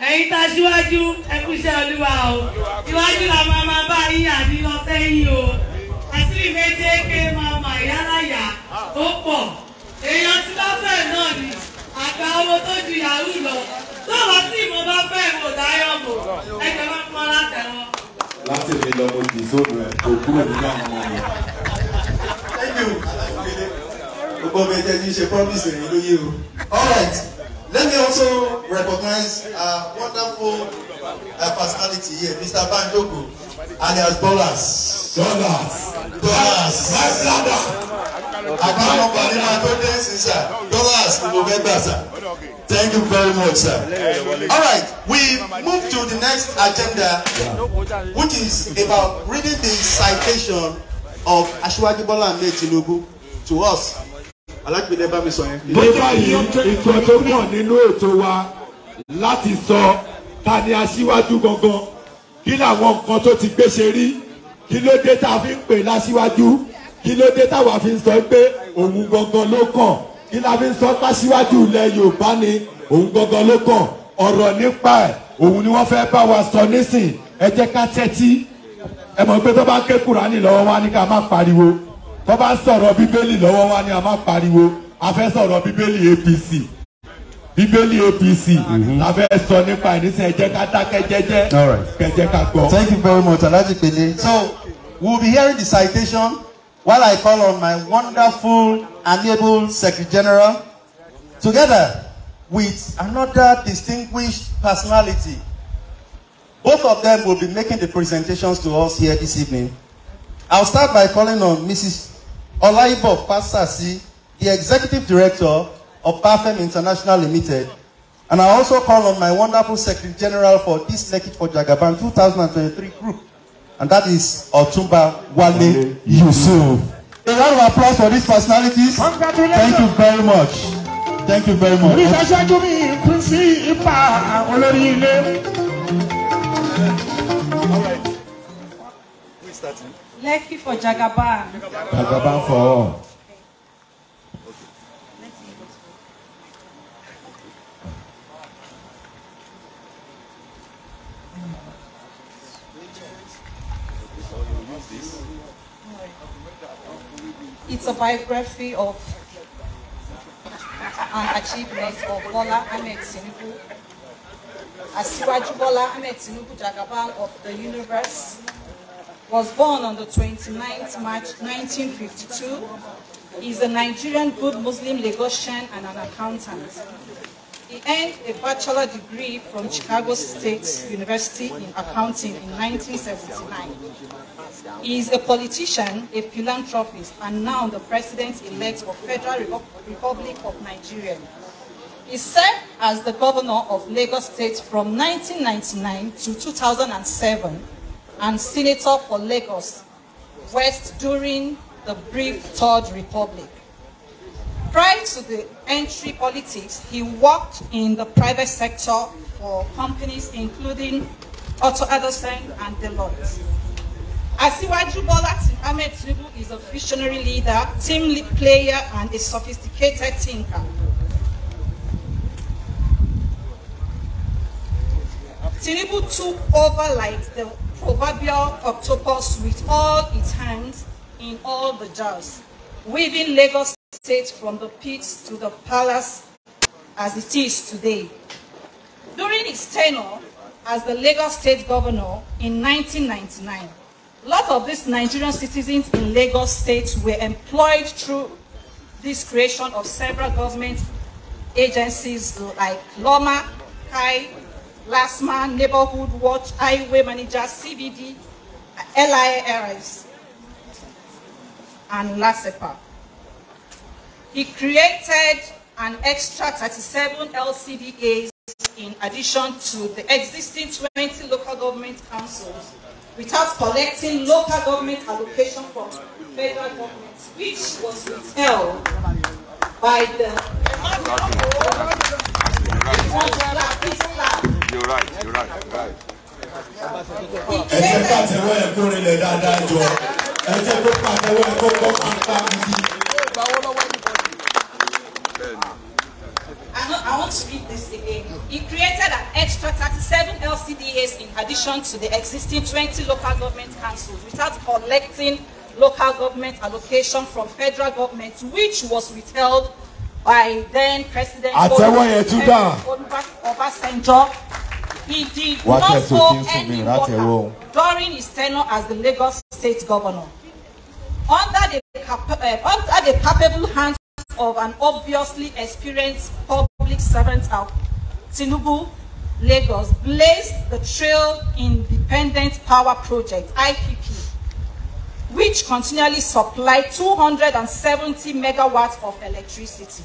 [SPEAKER 1] ẹ̀yin tá síwájú ẹ olúwa o iwájú la máa máa bá yín àbí lọ sẹ́yìn o àṣírí méjèèké máa mà yáráyà ó pọ̀ èèyàn tí bá fẹ́ náà ni àgbà owó tó ju yahoo lọ lọ́wọ́ tí mo bá fẹ́ mo dáyọ̀ mọ́ ẹgbẹ́ máa fún
[SPEAKER 3] ọ látẹ̀wọ́. láti mi lọ
[SPEAKER 2] mo dì sóòdù ẹ̀ kò kúrò nínú àwọn ọmọ mi gbogbo ọmọ ẹtẹ ti ṣe promise rẹ lóye o. all right let me also recognize our wonderful uh, personality here mr banjogo alias dollars. dollars. dollars. my brother. àbámọ̀ pàdé máa tó dé sir. dollars ni mo fẹ́ gbà sà. Thank you very much, sir. All right, we move to the next agenda, which is about reading the citation of Ashwaji Bola Me Tinubu to us alágbèlè bá mi sọ yẹn. ní báyìí ìjọ tó mọ̀ nínú ètò wa láti sọ ta ni aṣíwájú gangan kí làwọn nǹkan tó ti gbé ṣe rí kí ló dé tá a fi ń pè láṣíwájú kí ló dé táwa fi ń sọ pé òun gangan ló kàn kí la fi ń sọ pàṣíwájú ilẹ̀ Yorùbá ni òun gangan ló kàn ọ̀rọ̀ nípa ẹ̀ òun ni wọ́n fẹ́ bá wa sọ nísìn ẹ jẹ́ ká tẹ́tí ẹ mọ̀ pé tó bá ń ké Kùránì lọ́wọ́ wa ni ká má pariwo tó bá sọ̀rọ̀ bíbélì lọ́wọ́ wa ni a máa pariwo a fẹ́ sọ̀rọ̀ bíbélì APC bíbélì APC mm-hmm. la fẹ́ sọ nípa ìnísìn ẹ̀jẹ̀ ká dákẹ́ jẹ́jẹ́ kẹ̀jẹ́ ká gbọ́. thank you very much Alhaji Pele so we will be hearing the citation while I call on my wonderful and able Secretary General together with another distinguished personality both of them will be making the presentations to us here this evening. I'll start by calling on Mrs. Olaibo Pasasi, the Executive Director of Parfem International Limited, and I also call on my wonderful Secretary General for this Lekki for Jagaban 2023 group, and that is Otumba Wale Yusuf. A round of applause for these personalities.
[SPEAKER 1] Thank you
[SPEAKER 2] very much. Thank you very much.
[SPEAKER 5] starting. Lekki for Jagaban. Jagaban for all. It's a biography of an achievement of Bola Ahmed Tinubu. Asiwaju Bola Ahmed Tinubu Jagaban of the universe was born on the 29th March 1952. is a Nigerian good Muslim Lagosian and an accountant. He earned a bachelor degree from Chicago State University in accounting in 1979. He is a politician, a philanthropist, and now the president-elect of Federal Republic of Nigeria. He served as the governor of Lagos State from 1999 to 2007 and senator for Lagos West during the brief Third Republic. Prior to the entry politics, he worked in the private sector for companies including Otto Adelson and Deloitte. Asiwaju Bola Ahmed Tinubu is a visionary leader, team player, and a sophisticated thinker. Tinubu took over like the proverbial octopus with all its hands in all the jars, weaving Lagos State from the pits to the palace as it is today. During his tenure as the Lagos State Governor in 1999, a lot of these Nigerian citizens in Lagos State were employed through this creation of several government agencies like LOMA, Kai. LASMA, Neighborhood Watch, Highway Manager, CBD, LIRS, and LASEPA. He created an extra 37 LCDAs in addition to the existing 20 local government councils without collecting local government allocation from federal government, which was withheld by the... you're right, you're ẹ jẹ́ pàtẹ́wọ́ dáadáa jọ ẹ jẹ́ kó pàtẹ́wọ́ ẹ̀ kó kọ́ pàápàá bíi. I want to read this again. He created an extra 37 LCDAs in addition to the existing 20 local government councils without collecting local government allocation from federal government, which was withheld by then President Olubasanjo He did not owe any water during his tenure as the Lagos state governor. Under the, uh, under the capable hands of an obviously experienced public servant of Tinubu, Lagos blazed the Trail Independent Power Project, IPP, which continually supplied 270 megawatts of electricity.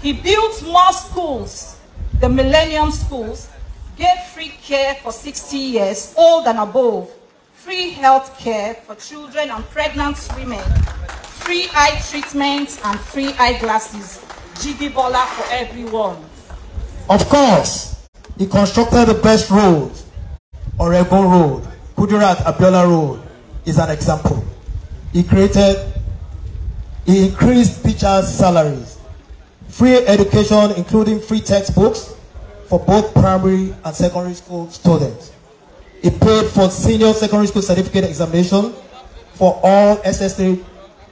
[SPEAKER 5] He built more schools, the Millennium Schools, Get free care for 60 years, old and above. Free health care for children and pregnant women. Free eye treatments and free eyeglasses. Jiggy Bola for everyone.
[SPEAKER 4] Of course, he constructed the best road. Oregon Road, Kudirat Abiola Road is an example. He created, he increased teachers' salaries, free education including free textbooks, for both primary and secondary school students. It paid for senior secondary school certificate examination for all SST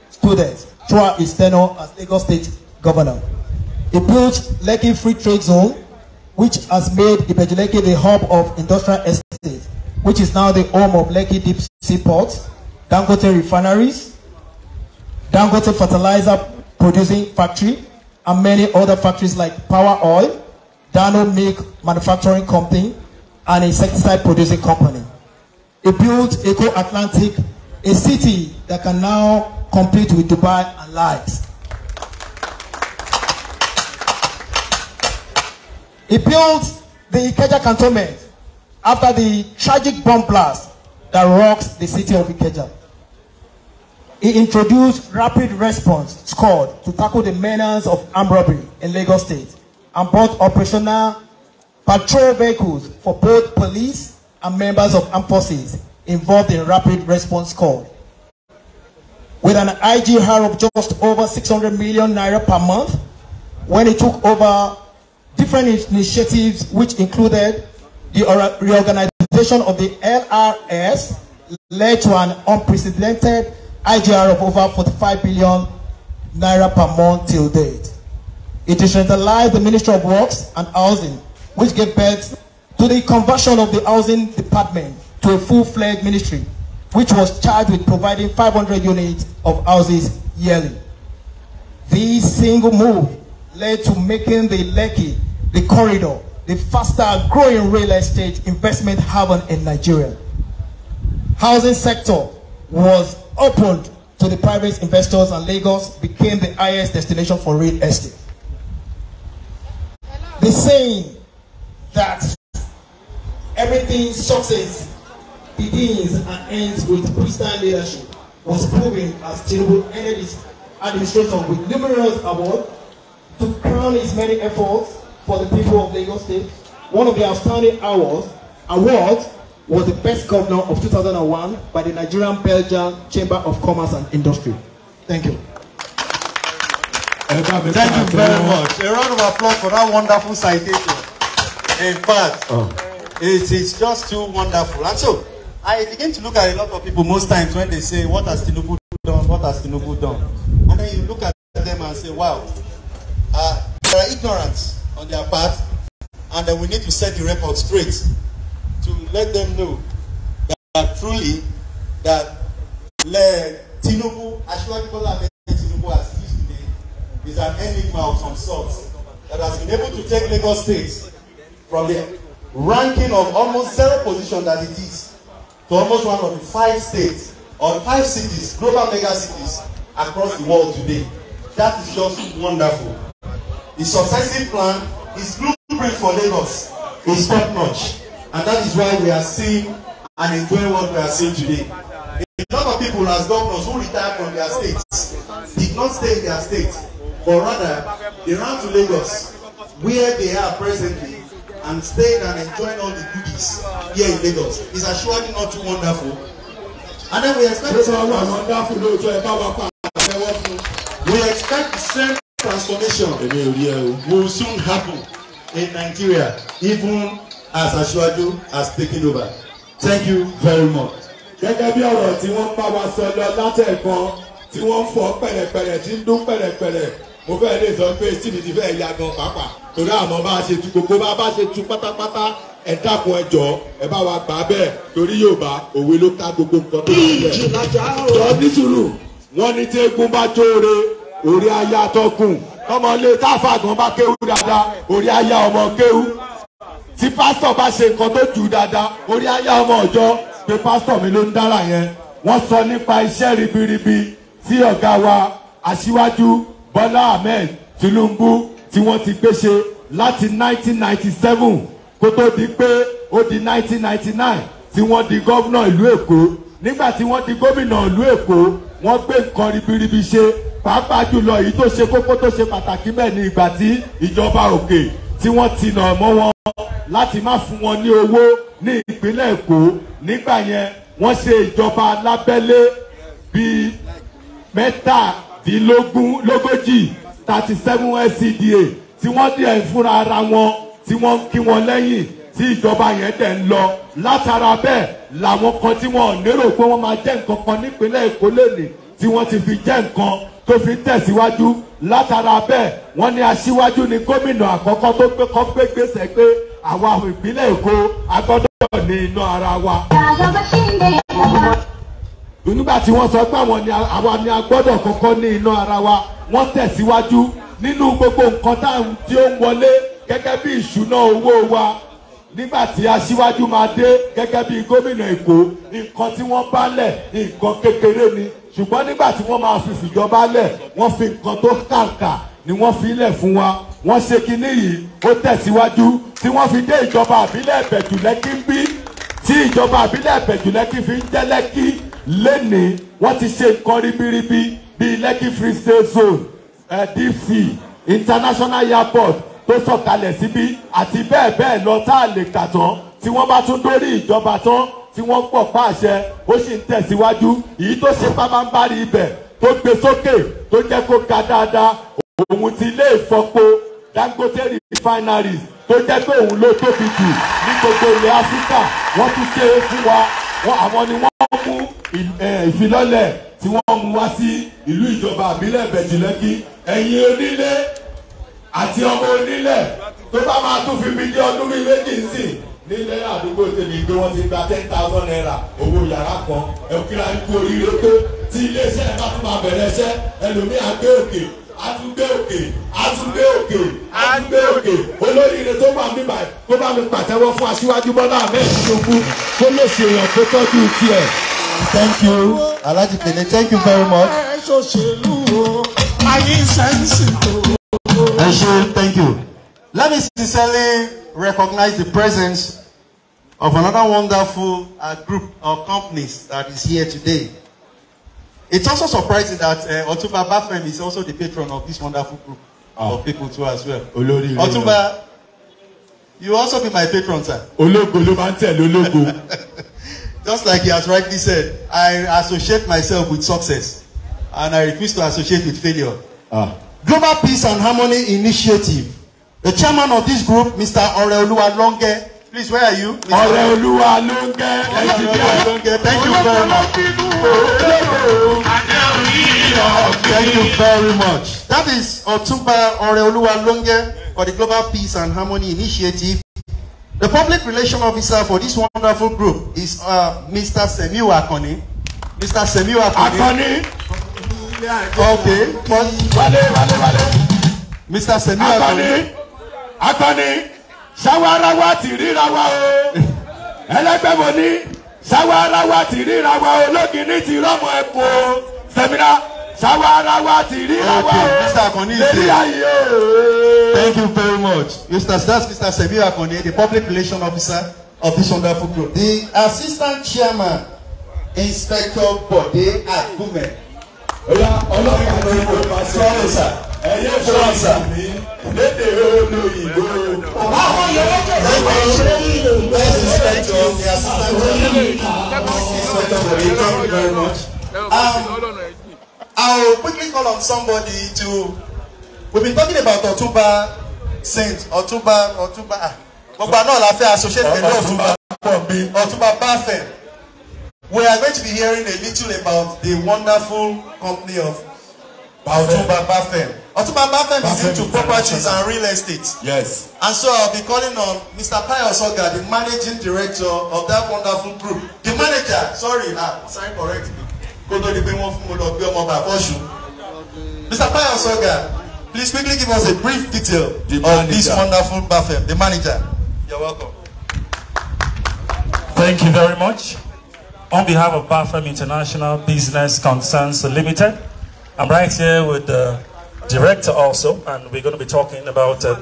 [SPEAKER 4] students throughout his tenure as Lagos State Governor. It built Lekki Free Trade Zone, which has made Ibejileki the hub of industrial estate, which is now the home of Lekki Deep Sea Port, Dangote refineries, Dangote fertilizer producing factory, and many other factories like Power Oil, Dano Milk Manufacturing Company and insecticide producing company. It built Eco Atlantic, a city that can now compete with Dubai and Lights. He built the Ikeja cantonment after the tragic bomb blast that rocks the city of Ikeja. He introduced rapid response squad to tackle the menace of armed robbery in Lagos State. and bought operational patrol vehicles for both police and members of armed forces involved in rapid response call. With an IGR of just over 600 million naira per month, when he took over different initiatives which included the reorganization of the LRS led to an unprecedented IGR of over 45 billion naira per month till date. It decentralized the Ministry of Works and Housing, which gave birth to the conversion of the Housing Department to a full-fledged ministry, which was charged with providing 500 units of houses yearly. This single move led to making the Lekki, the corridor, the faster growing real estate investment haven in Nigeria. Housing sector was opened to the private investors and Lagos became the highest destination for real estate. the saying that everything success begins and ends with Christian leadership was proven as Tinubu ended his administration with numerous awards to crown his many efforts for the people of Lagos State. One of the outstanding awards, awards was the best governor of 2001 by the Nigerian Belgian Chamber of Commerce and Industry. Thank you. Thank you very much. A round of applause for that wonderful citation. In
[SPEAKER 2] fact, oh. it is just too wonderful. And so, I begin to look at a lot of people most times when they say, what has Tinubu done? What has Tinubu done? And then you look at them and say, wow, uh, they are ignorance on their part, and then we need to set the record straight to let them know that, truly that le Tinubu, Asiwaju Bola Ahmed Tinubu has is an enigma of some sort that has been able to take Lagos State from the ranking of almost zero position that it is to almost one of the five states or five cities, global mega cities across the world today. That is just wonderful. The successive plan is blueprint for Lagos is top notch and that is why we are seeing and enjoying what we are seeing today. A lot of people as governors who retired from their states did not stay in their states but rather they ran to Lagos where they are presently and stayed and enjoyed all the goodies here in Lagos it's assuredly not too wonderful and then we expect the same wonderful we expect the same transformation will soon happen in Nigeria even as Asiwaju has taken over thank you very much. gẹ́gẹ́ bí ọ̀rọ̀ tí wọ́n bá wa sọ lọ látẹ̀kan tí wọ́n ń pẹ̀lẹ̀pẹ̀lẹ̀ tí ń dún pẹ̀lẹ̀pẹ̀lẹ̀ mo fẹ́ lè sọ pé síbi ti fẹ́ ya gan pàápàá torí àmọ́ bá a ṣe tu gbogbo bá a bá ṣe tu pátápátá ẹ dákun ẹ jọ ẹ bá wa gbà bẹ́ẹ̀ torí Yorùbá òwe ló ká gbogbo nǹkan tó wà
[SPEAKER 1] bẹ́ẹ̀.
[SPEAKER 2] jọ ní sùúrù wọn ní tí eégún bá jóore orí aya tọkùn ọmọ ilé táfàgàn bá kéwú dáadáa orí aya ọmọ kéwú tí pásítọ̀ bá ṣe nǹkan tó jù dáadáa orí aya ọmọ ọjọ́ pé pásítọ̀ mi ló ń dára yẹn wọ́n sọ nípa iṣẹ́ ribiribi tí ọ̀gá wa aṣíwájú Bọ́lá Ahmed Tinubu tí wọ́n ti gbé ṣe láti 1997 kó tó di pé ó di 1999 tí wọ́n di gómìnà ìlú Èkó nígbà tí wọ́n di gómìnà ìlú Èkó wọ́n gbé nǹkan ribiribi ṣe pàápàá jùlọ èyí tó ṣe kókó tó ṣe pàtàkì bẹ́ẹ̀ ni ìgbà tí ìjọba òkè tí wọ́n ti nà mọ́ wọn láti má fún wọn ní owó ní ìpínlẹ̀ Èkó nígbà yẹn wọ́n ṣe ìjọba lábẹ́lé bíi mẹ́ta mẹ́tàdínlógójì thirty seven SCDA tí wọ́n dẹ̀ ń fúnra ara wọn tí wọ́n ń kí wọn lẹ́yìn tí ìjọba yẹn dẹ̀ ń lọ látara bẹ́ẹ̀ làwọn kan tí wọ́n lérò pé wọ́n máa jẹ́ nǹkan kan nípínlẹ̀ Èkó lónìí tí wọ́n ti fi jẹ́ nǹkan tó fi tẹ̀síwájú látara bẹ́ẹ̀ wọ́n ní aṣíwájú ni gómìnà àkọ́kọ́ tó gbé kọ́ gbé gbèsè pé àwa ìpínlẹ̀ Èkó a ní iná ara wa nígbà tí wọ́n sọ pé àwọn ni àwa ni a gbọ́dọ̀ kọ́kọ́ ní iná ara wa wọ́n tẹ̀síwájú nínú gbogbo nǹkan táwọn tí ó ń wọlé gẹ́gẹ́ bí ìṣúná owó wa nígbà tí aṣíwájú máa dé gẹ́gẹ́ bí gómìnà èkó nǹkan tí wọ́n bá lẹ̀ nǹkan kékeré ni ṣùgbọ́n nígbà tí wọ́n máa fi fìjọba lẹ̀ wọ́n fi nǹkan tó kàǹkà ni wọ́n fi lẹ̀ fún wa wọ́n ṣe kinní yìí ó tẹ̀síwájú tí wọ́n fi dé ìjọba àbílẹ̀ ìbẹ̀jú lẹ́kí ń tí ìjọba àbílẹ̀ ẹ̀bẹ̀jù lẹ́kì fi ń jẹ́ lẹ́kì lẹ́nìí wọ́n ti ṣe nǹkan ribiribi bíi lẹ́kì free state zone eh, dfc international airport tó sọ̀kalẹ̀ síbí àti bẹ́ẹ̀ bẹ́ẹ̀ lọ tá a lè kà tán tí wọ́n bá tún dórí ìjọba tán tí wọ́n pọ̀ pa àṣẹ ó sì ń tẹ̀síwájú èyí tó ṣe pàmàǹbarì ibẹ̀ tó gbé sókè tó jẹ́ kó ga dáadáa òun ti ilé ìfọpo Dangote refineries tó jẹ́ pé òun ló tóbi jù ní gbogbo ilẹ̀ áfíríkà wọ́n tún ṣe é fún wa àwọn ni wọ́n mú ìfilọ́lẹ̀ tí wọ́n mú wá sí ìlú ìjọba àbílẹ̀ bẹ̀jìlẹ́kì ẹ̀yin onílé àti ọmọ onílẹ̀ tó bá máa tún fi mi dé ọdún mi méjì sí nílẹ̀ àdúgbò tèmi pé wọ́n ti gba ten thousand naira owó yàrá kan ẹ̀kúra ń kú oríire pé tí iléeṣẹ́ bá tún máa bẹ̀rẹ̀ iṣẹ́ ẹlòmíà gbé òkè á tún òkè àtúgbé òkè àtúgbé òkè olóríire tó máa mi báyìí bá mi pàtẹ́wọ́ fún aṣíwájú bọ́lá ahmed tinubu kó lè ṣe èèyàn tó tọ́jú tiẹ̀. thank you alhaji kele thank you very much. ẹ ṣe thank you. let me sincerely recognize the presence of another wonderful uh, group or companies that is here today. It's also surprising that uh, eh, Otumba Bafem is also the patron of this wonderful group ah. of people too as well. Olori Otumba, you also be my patron, sir. Ologo ló máa <laughs> Just like he has rightly said, I associate myself with success and I refuse to associate with failure. Ah. Global Peace and Harmony Initiative. The chairman of this group, Mr. Oreoluwa Longe, Please, where are you?
[SPEAKER 1] Ọ̀rẹ́ Olúwa ló ń gẹ́ ẹ̀jìdíà. Thank you very much.
[SPEAKER 2] Thank you very much. That is Otumba Ọ̀rẹ́ Olúwa Longe for the Global Peace and Harmony Initiative. The public relations officer for this wonderful group is uh, Mr. Semiu Akoni. Mr. Semiu Akoni. Akoni. Okay. But, Mr. Semiu Akoni. Akoni ṣáwáráwá ti ríra wa o ẹlẹgbẹ́ mo ní ṣáwáráwá ti ríra wa o lókìní ti rọ́mọ ẹ̀kọ́ sẹ́mínà ṣáwáráwá ti ríra wa o lórí ayé o. thank you very much mr stas mr sebi akoni the public relations officer of this wonderful group the assistant chairman inspector bode agumen.
[SPEAKER 1] ọlọ́pàá ló ń bá sọ́ọ̀sà ẹ̀yẹ́ sọ́ọ̀sà lédè olóyìnbó. Báwo ni owó tó lọ bá ṣe ń lò ó? Bẹ́ẹ̀ ni sẹ́jọ́ yìí thank you very much.
[SPEAKER 2] Um, I will quickly call on somebody to we've been talking about Otuba, Saint Ọ̀túnba Ọ̀túnba ah, gbogbo àná la fẹ́ associate pẹ̀lú Otuba. Otuba Bafe. We are going to be hearing a little about the wonderful company of Otuba Bafe. Otunba Bafemi is into properties and real estate. Yes. And so I'll be calling on Mr. Pius Oga, the managing director of that wonderful group. The manager, sorry, ah, sorry, correct me. Kó di pé wọ́n fún mo lọ Mr. Pius Oga,
[SPEAKER 6] please quickly give us a brief detail the of manager. this wonderful Bafem, the manager. You're welcome. Thank you very much. On behalf of Bafem International Business Concerns Limited, I'm right here with the director also, and we're going to be talking about uh,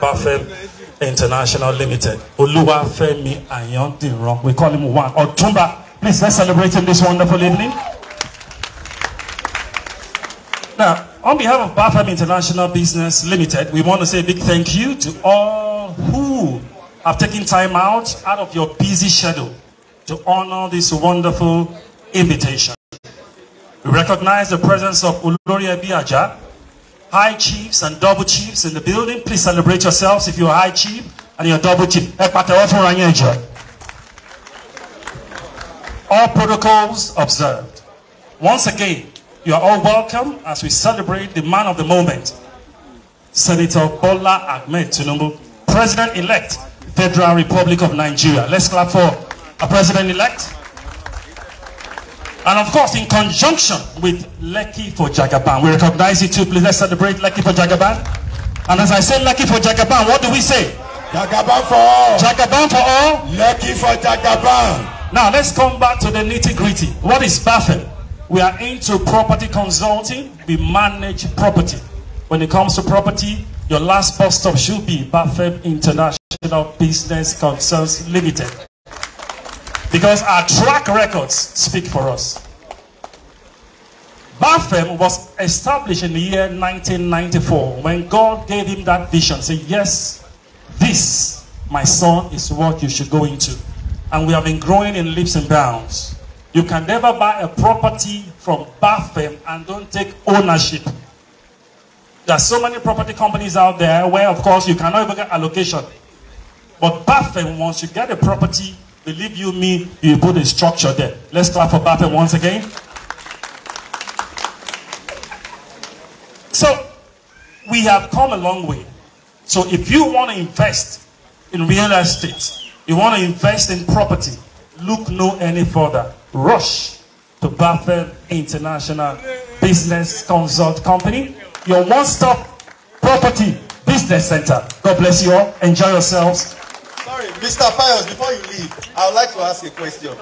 [SPEAKER 6] International Limited. Oluwafemi Ayondiran. We call him one. Otumba. Please, let's celebrate him this wonderful evening. Now, on behalf of Bafem International Business Limited, we want to say a big thank you to all who have taken time out out of your busy schedule to honor this wonderful invitation. We recognize the presence of Uluria Biaja, high chiefs and double chiefs in the building. Please celebrate yourselves if you're a high chief and you're a double chief. All protocols observed. Once again, you are all welcome as we celebrate the man of the moment, Senator Bola Ahmed Tinubu, President-elect, Federal Republic of Nigeria. Let's clap for a President-elect. And of course, in conjunction with Lucky for Jagaban, we recognize you too. Please let's celebrate Lucky for Jagaban. And as I say Lucky for Jagaban, what do we say? Jagaban for all. Jagaban for all. Lucky for Jagaban. Now let's come back to the nitty gritty. What is Buffett? We are into property consulting. We manage property. When it comes to property, your last bus stop should be Buffett International Business Concerns Limited. Because our track records speak for us. Bathem was established in the year 1994 when God gave him that vision. Say, yes, this, my son, is what you should go into. And we have been growing in leaps and bounds. You can never buy a property from Bathem and don't take ownership. There are so many property companies out there where, of course, you cannot even get allocation. But Bathem, once you get a property, Believe you me, you put a structure there. Let's clap for Bappe once again. So, we have come a long way. So if you want to invest in real estate, you want to invest in property, look no any further. Rush to Baffert International Business Consult Company, your one-stop property business center. God bless you all. Enjoy yourselves. Mr. Pius,
[SPEAKER 2] before you leave, I would like to ask a question.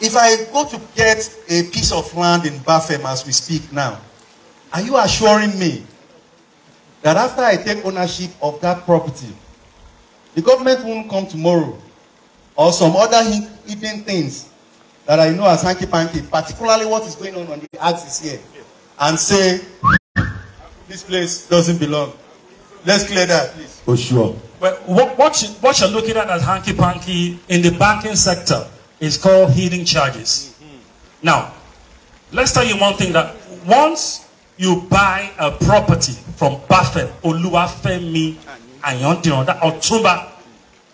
[SPEAKER 2] If I go to get a piece of land in Bafem as we speak now, are you assuring me that after I take ownership of that property, the government won't come tomorrow or some other hidden things that I know as hanky panky, particularly what is going on on the axis here, and say
[SPEAKER 6] this place doesn't belong? Let's clear that, please. Oh, for sure. But what, what, you, what you're looking at as hanky-panky in the banking sector is called hidden charges. Mm -hmm. Now, let's tell you one thing that once you buy a property from Buffett, Oluwafemi, Ayondino, that Otumba,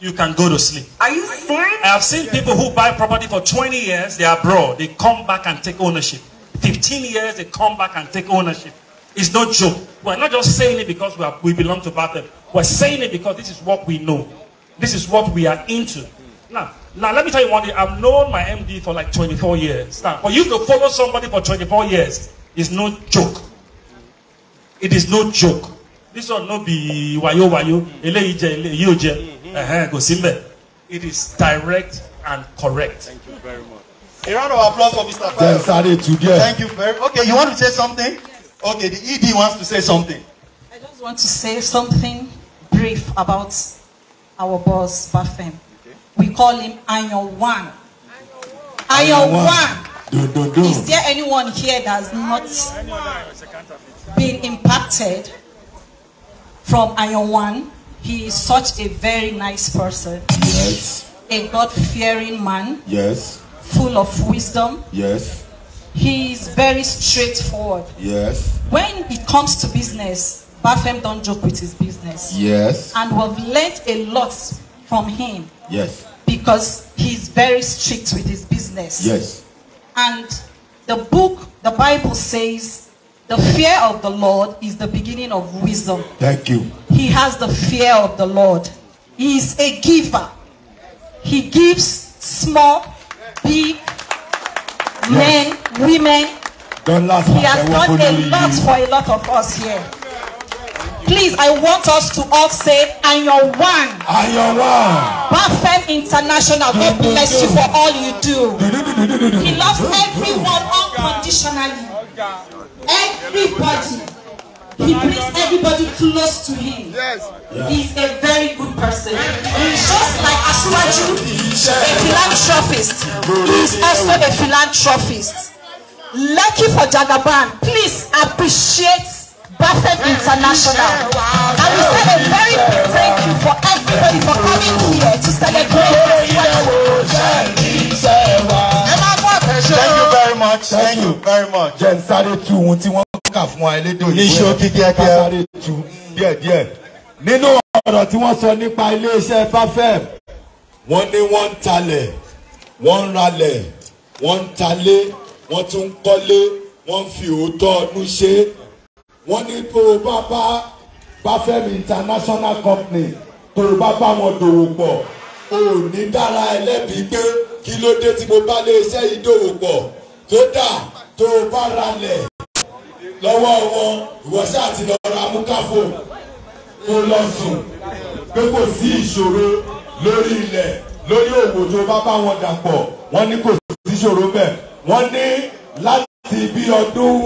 [SPEAKER 6] you can go to sleep. Are you serious? I have seen people who buy property for 20 years, they are abroad, they come back and take ownership. 15 years, they come back and take ownership. It's no joke. We're not just saying it because we, are, we belong to Baptist. We're saying it because this is what we know. This is what we are into. Now, now let me tell you one thing. I've known my MD for like 24 years. Now, for you to follow somebody for 24 years is no joke. It is no joke. This will not be wayo wayo. Eléyìí jẹ eléyìí ò jẹ. Mm-hmm. Ẹ̀hẹ́n It is direct and correct. Thank you very much. A round of applause for
[SPEAKER 2] Mr. Fayo. Thank you very much. Okay, you want to say something? Okay, the ED wants to say something.
[SPEAKER 5] I just want to say something brief about our boss, Bafem. Okay. We call him Iron One. Iron One. one. Do, do, do. Is there anyone here that has not been impacted from Iron One? He is such a very nice person. Yes. A God-fearing man. Yes. Full of wisdom. Yes he is very straightforward. Yes. When it comes to business, Bafem don't joke with his business. Yes. And we've learned a lot from him. Yes. Because he's very strict with his business. Yes. And the book, the Bible says, the fear of the Lord is the beginning of wisdom. Thank you. He has the fear of the Lord. He is a giver. He gives small, big, men, women. He has done a lot for a lot of us here. Please, I want us to all say, and you're one. And you're one. Bafem International, God bless you for all you do. He loves everyone unconditionally. Everybody. He brings everybody close to him. Yes. He's a very good person. He's just like Asiwaju, a philanthropist. He's also a philanthropist. Lucky for Jagaban, please appreciate Buffett International. I will say a very big thank you for everybody for coming here to celebrate Asiwaju. Thank
[SPEAKER 1] you very much. Thank you
[SPEAKER 2] very much. Jẹ́ ń sáré tú ohun kà fún wa elédè òyìnbó níṣó kíkẹ́ kẹ́ sáré tu díẹ̀díẹ̀ nínú ọ̀rọ̀ tí wọ́n sọ nípa iléeṣẹ́ fafem wọ́n ní wọ́n ń talẹ̀ wọ́n ń ralẹ̀ wọ́n ń talé wọ́n tún ń kọ́lé wọ́n ń fi òótọ́ ọdún ṣe wọ́n ní tó o bá bá bafem international company tó o bá bá wọn dòwò pọ̀ o ò ní dára ẹlẹ́bi gbé kí ló dé tí mo bá lè ṣe ìdòwò pọ̀ kódà tó o bá ralẹ̀ lọ́wọ́ wọn ìwọ́sẹ̀ àti lọ́rọ̀ amúkáfò kó lọ sùn pé kò sí ìṣòro lórí ilẹ̀ lórí òwò tó bá bá wọn dàpọ̀ wọ́n ní kò sí ìṣòro bẹ́ẹ̀ wọ́n ní láti bí ọdún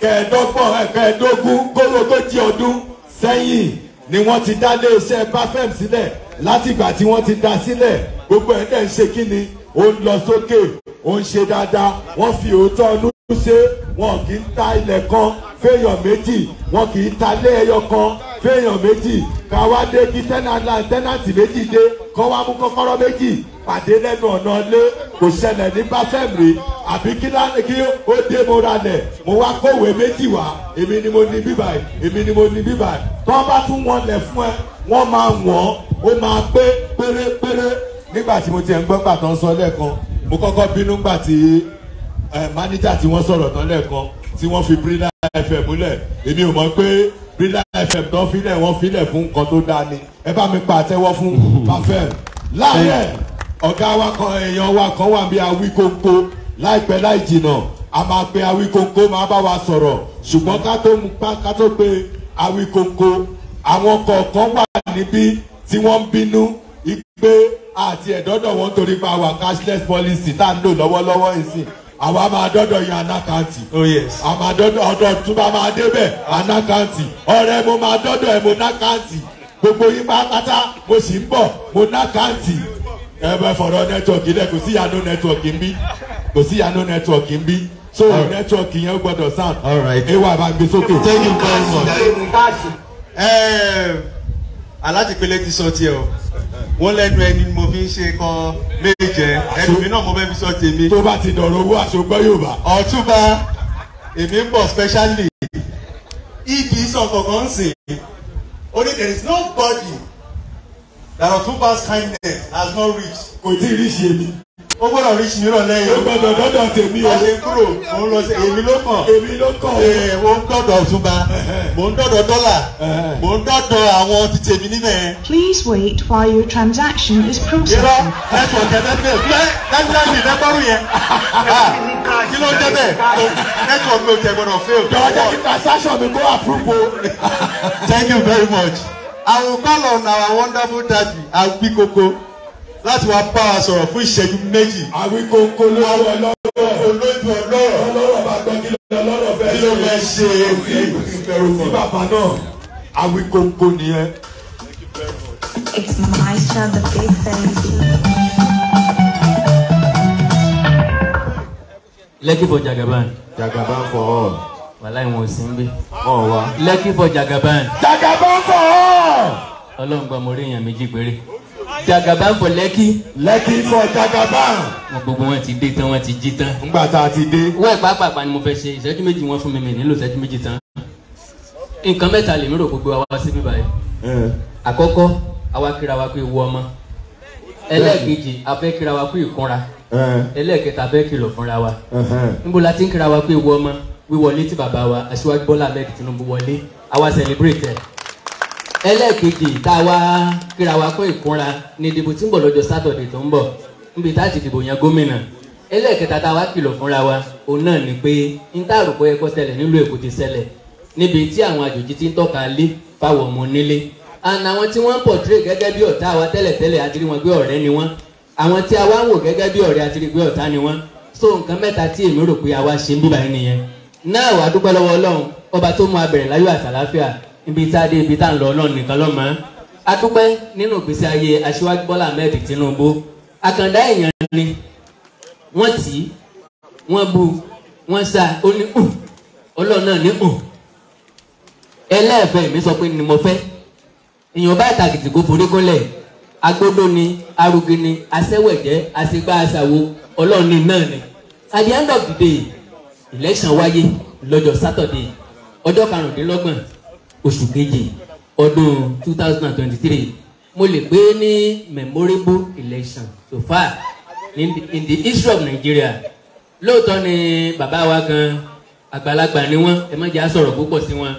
[SPEAKER 2] kẹẹ̀ẹ́dọ́gbọ̀n eh, ẹ̀kẹ́ẹ̀ẹ́dógún kólógójì ọdún sẹ́yìn ni wọ́n ti dá lé iṣẹ́ bafem sílẹ̀ látìgbà tí wọ́n ti dá sílẹ̀ gbogbo ẹ̀ dẹ̀ ń ṣe kí ni ó ń lọ sókè ó ń ṣe dáadáa wọ́n fi òótọ́ inú ṣe wọn kì í ta ilẹ̀ kan fẹ́yàn méjì wọn kì í ta ilé ẹyọ kan fẹ́yàn méjì ká wá dé kí tẹ́nàtì méjì dé kọ́ wá mú kọ́kọ́rọ́ méjì pàdé lẹ́nu ọ̀nà ilé kò ṣẹlẹ̀ ní báfẹ́mì àbí kí ó dé mo ra lẹ̀ mo wá kówé méjì wá èmi ni mo ní bíbáyìí èmi ni mo ní bíbáyìí tọ́ bá tún wọn lẹ̀ fún ẹ wọ́n máa wọ̀n ó máa pé pérépéré nígbà tí mo ti ẹ̀ ń gbọ́ gbà tán sọ lẹ́ẹ̀kan mo kọ́kọ́ bínú gbà tí máníjà tí wọ́n sọ̀rọ̀ tán lẹ́ẹ̀kan tí wọ́n fi Brila FM múlẹ̀ èmi ò mọ̀ pé Brila FM tán filẹ̀ wọ́n filẹ̀ fún nǹkan tó dáa ni ẹ bá mi pa àtẹ́wọ́ fún pafẹ́m láàyè ọ̀gá wa kan èèyàn wa kan wà bí Awíkóńkó láìpẹ́ láì jìnà a máa pe Awíkóńkó máa bá wa sọ̀rọ̀ ṣùgbọ́n ká tó pe Awíkóńkó àwọn kọ̀ọ̀kan wà níbí tí wọ́n bínú ipe àti ẹ̀dọ́dọ̀ wọn torí pé àwa cashless policy tá à ń lò lọ́wọ́lọ́wọ́ ìsìn àwa máa dọ́dọ̀ yan oh, yes. a dọ́dọ̀ ọ̀dọ̀ túbà máa débẹ̀ anákàntì ọ̀rẹ́ mo máa dọ́dọ̀ ẹ̀ mo gbogbo yín pátá mo sì ń bọ̀ mo ẹ bẹ fọ̀rọ̀ nẹ́tíwọ̀kì kò sí nẹ́tíwọ̀kì ń bí kò so nẹ́tíwọ̀kì yẹn gbọ́dọ̀ sound. all right. bá gbé sókè. alátìpélé ti sọ tiẹ̀ o wọ́n lẹ́nu ẹni mo fi ń ṣe kan méje ẹlòmí náà mo fẹ́ fi sọ tèmi. tó bá ti dọ̀rọ̀ owó àṣogbọ́ Yorùbá. ọ̀túnba èmi ń bọ̀ specially ibi sọ kankan ń sìn ó there is nobody that Ọ̀túnba's kindness has not reached. kò tí ì rí ṣe mi ó gbọ́dọ̀ rí sinmi rọ̀lẹ́ ó gbọ́dọ̀ gbọ́dọ̀ tèmi o. ọ̀sẹ̀ kúrò mò ń lọ sí èmi ló kàn. èmi ló kàn. ee mò ń dọ̀dọ̀ ọ̀túnba mò ń dọ̀dọ̀ dọ́là mò ń dọ̀dọ̀ àwọn ti tèmi níbẹ̀. please wait while your transaction is processed. irọ́ ẹ̀sùn ọ̀kẹ́ tẹ́tẹ́ pẹ́ dájúdájú ìdẹ́gbọ́rù yẹn. <laughs> Ah, kí ló ń jẹ́ bẹ́ẹ̀ network mi ò tẹ̀ gbọ́dọ̀ fail. jọ̀wọ́ transaction mi go approve thank you very much. I will call on our wonderful daddy Agbikoko láti wá bá a sọ̀rọ̀ fún ìṣẹ́jú méjì. àwíkóńkó lójú ọlọ́rọ̀ olójú ọlọ́rọ̀ ọlọ́rọ̀ bá gbọ́ kí lọ́rọ̀ fẹ́ ṣe kí ló fẹ́ ṣe sí bàbá náà àwíkóńkó nìyẹn.
[SPEAKER 5] It's Maisha the big baby.
[SPEAKER 3] Lekki for Jagaban. Jagaban for all. Wàláì wọn ò sí ń bí. Ọ̀ wá. Lekki for Jagaban. Jagaban for all. Ọlọ́run gba mo rí èèyàn méjì péré.
[SPEAKER 4] Jagaban for Lekki.
[SPEAKER 3] Lekki for Jagaban. wọn gbogbo wọn ti dé tán wọn ti jí tán. ńgbà tá a ti dé. wọ́n ẹ̀ pàápàá ni mo fẹ́ ṣe ìṣẹ́jú méjì wọn fún mi mi nílò ìṣẹ́jú méjì tán. nǹkan mẹ́ta lèmi rò gbogbo wa wá síbí báyìí. àkọ́kọ́ àwa kíra wa pé wo ọmọ ẹlẹ́ẹ̀kejì afẹ́ kíra wa pé ìkúnra ẹlẹ́ẹ̀kẹta afẹ́ kìlọ̀ fúnra wa níbo la ti ń kíra wa pé wo ọmọ wíwọlé tí bàbá wa Aṣíwájú Bọ́lá ẹlẹ́ẹ̀kejì tá a wá kíra wa fún ìkúnra ní ìdìbò tí ń bọ̀ lọ́jọ́ sátọ̀dẹ̀ tó ń bọ̀ níbi tá a ti dìbò yan gómìnà ẹlẹ́ẹ̀kẹta tá a wá kìlọ̀ fúnra wa òun náà ni pé ń tá àròpọ̀ yẹ kó ṣẹlẹ̀ nílùú Èkó ti ṣẹlẹ̀ níbi tí àwọn àjòjì ti ń tọ́ka lé fáwọn ọmọ onílé àna àwọn tí wọ́n ń pọ̀tírè gẹ́gẹ́ bí ọ̀tá wa tẹ́lẹ̀tẹ́lẹ̀ a wọn pé ọ̀rẹ́ ni wọ́n àwọn tí a wá ń wò gẹ́gẹ́ bí ọ̀rẹ́ a ti ọ̀tá ni wọ́n so nǹkan mẹ́ta tí èmi rò pé a wá ṣe ń bíbá yín nìyẹn náà wàá dúpẹ́ lọ́wọ́ Ọlọ́run ọba tó mú abẹ̀rẹ̀ láyọ̀ àtàláfíà ibi tá a dé ibi tá a ń lọ ọlọ́run nìkan ló mọ̀ adúpẹ́ nínú ìgbésí ayé aṣíwájú bọ́lá ahmed tinubu àkàndá èèyàn ni wọ́n tì í wọ́n bu wọ́n sa ó ní hù ọlọ́run náà ní hù ẹlẹ́ẹ̀fẹ́ mi sọ pé ni mo fẹ́ èèyàn bá tàkìtì kó forí kólẹ̀ agbódó ni arugi ni asẹ́wẹ̀jẹ́ asegbá asawo ọlọ́run ní náà ni at the end of the day election wáyé lọ́jọ́ sátọ̀dé ọjọ́ karùndínlọ́gbọ̀n oṣù kejì ọdún two thousand mo lè pè ní memorable election so far in the, in the history of Nigeria lóòótọ́ ni bàbá wa kan àgbàlagbà ni wọ́n ẹ má jẹ́ á sọ̀rọ̀ púpọ̀ sí wọn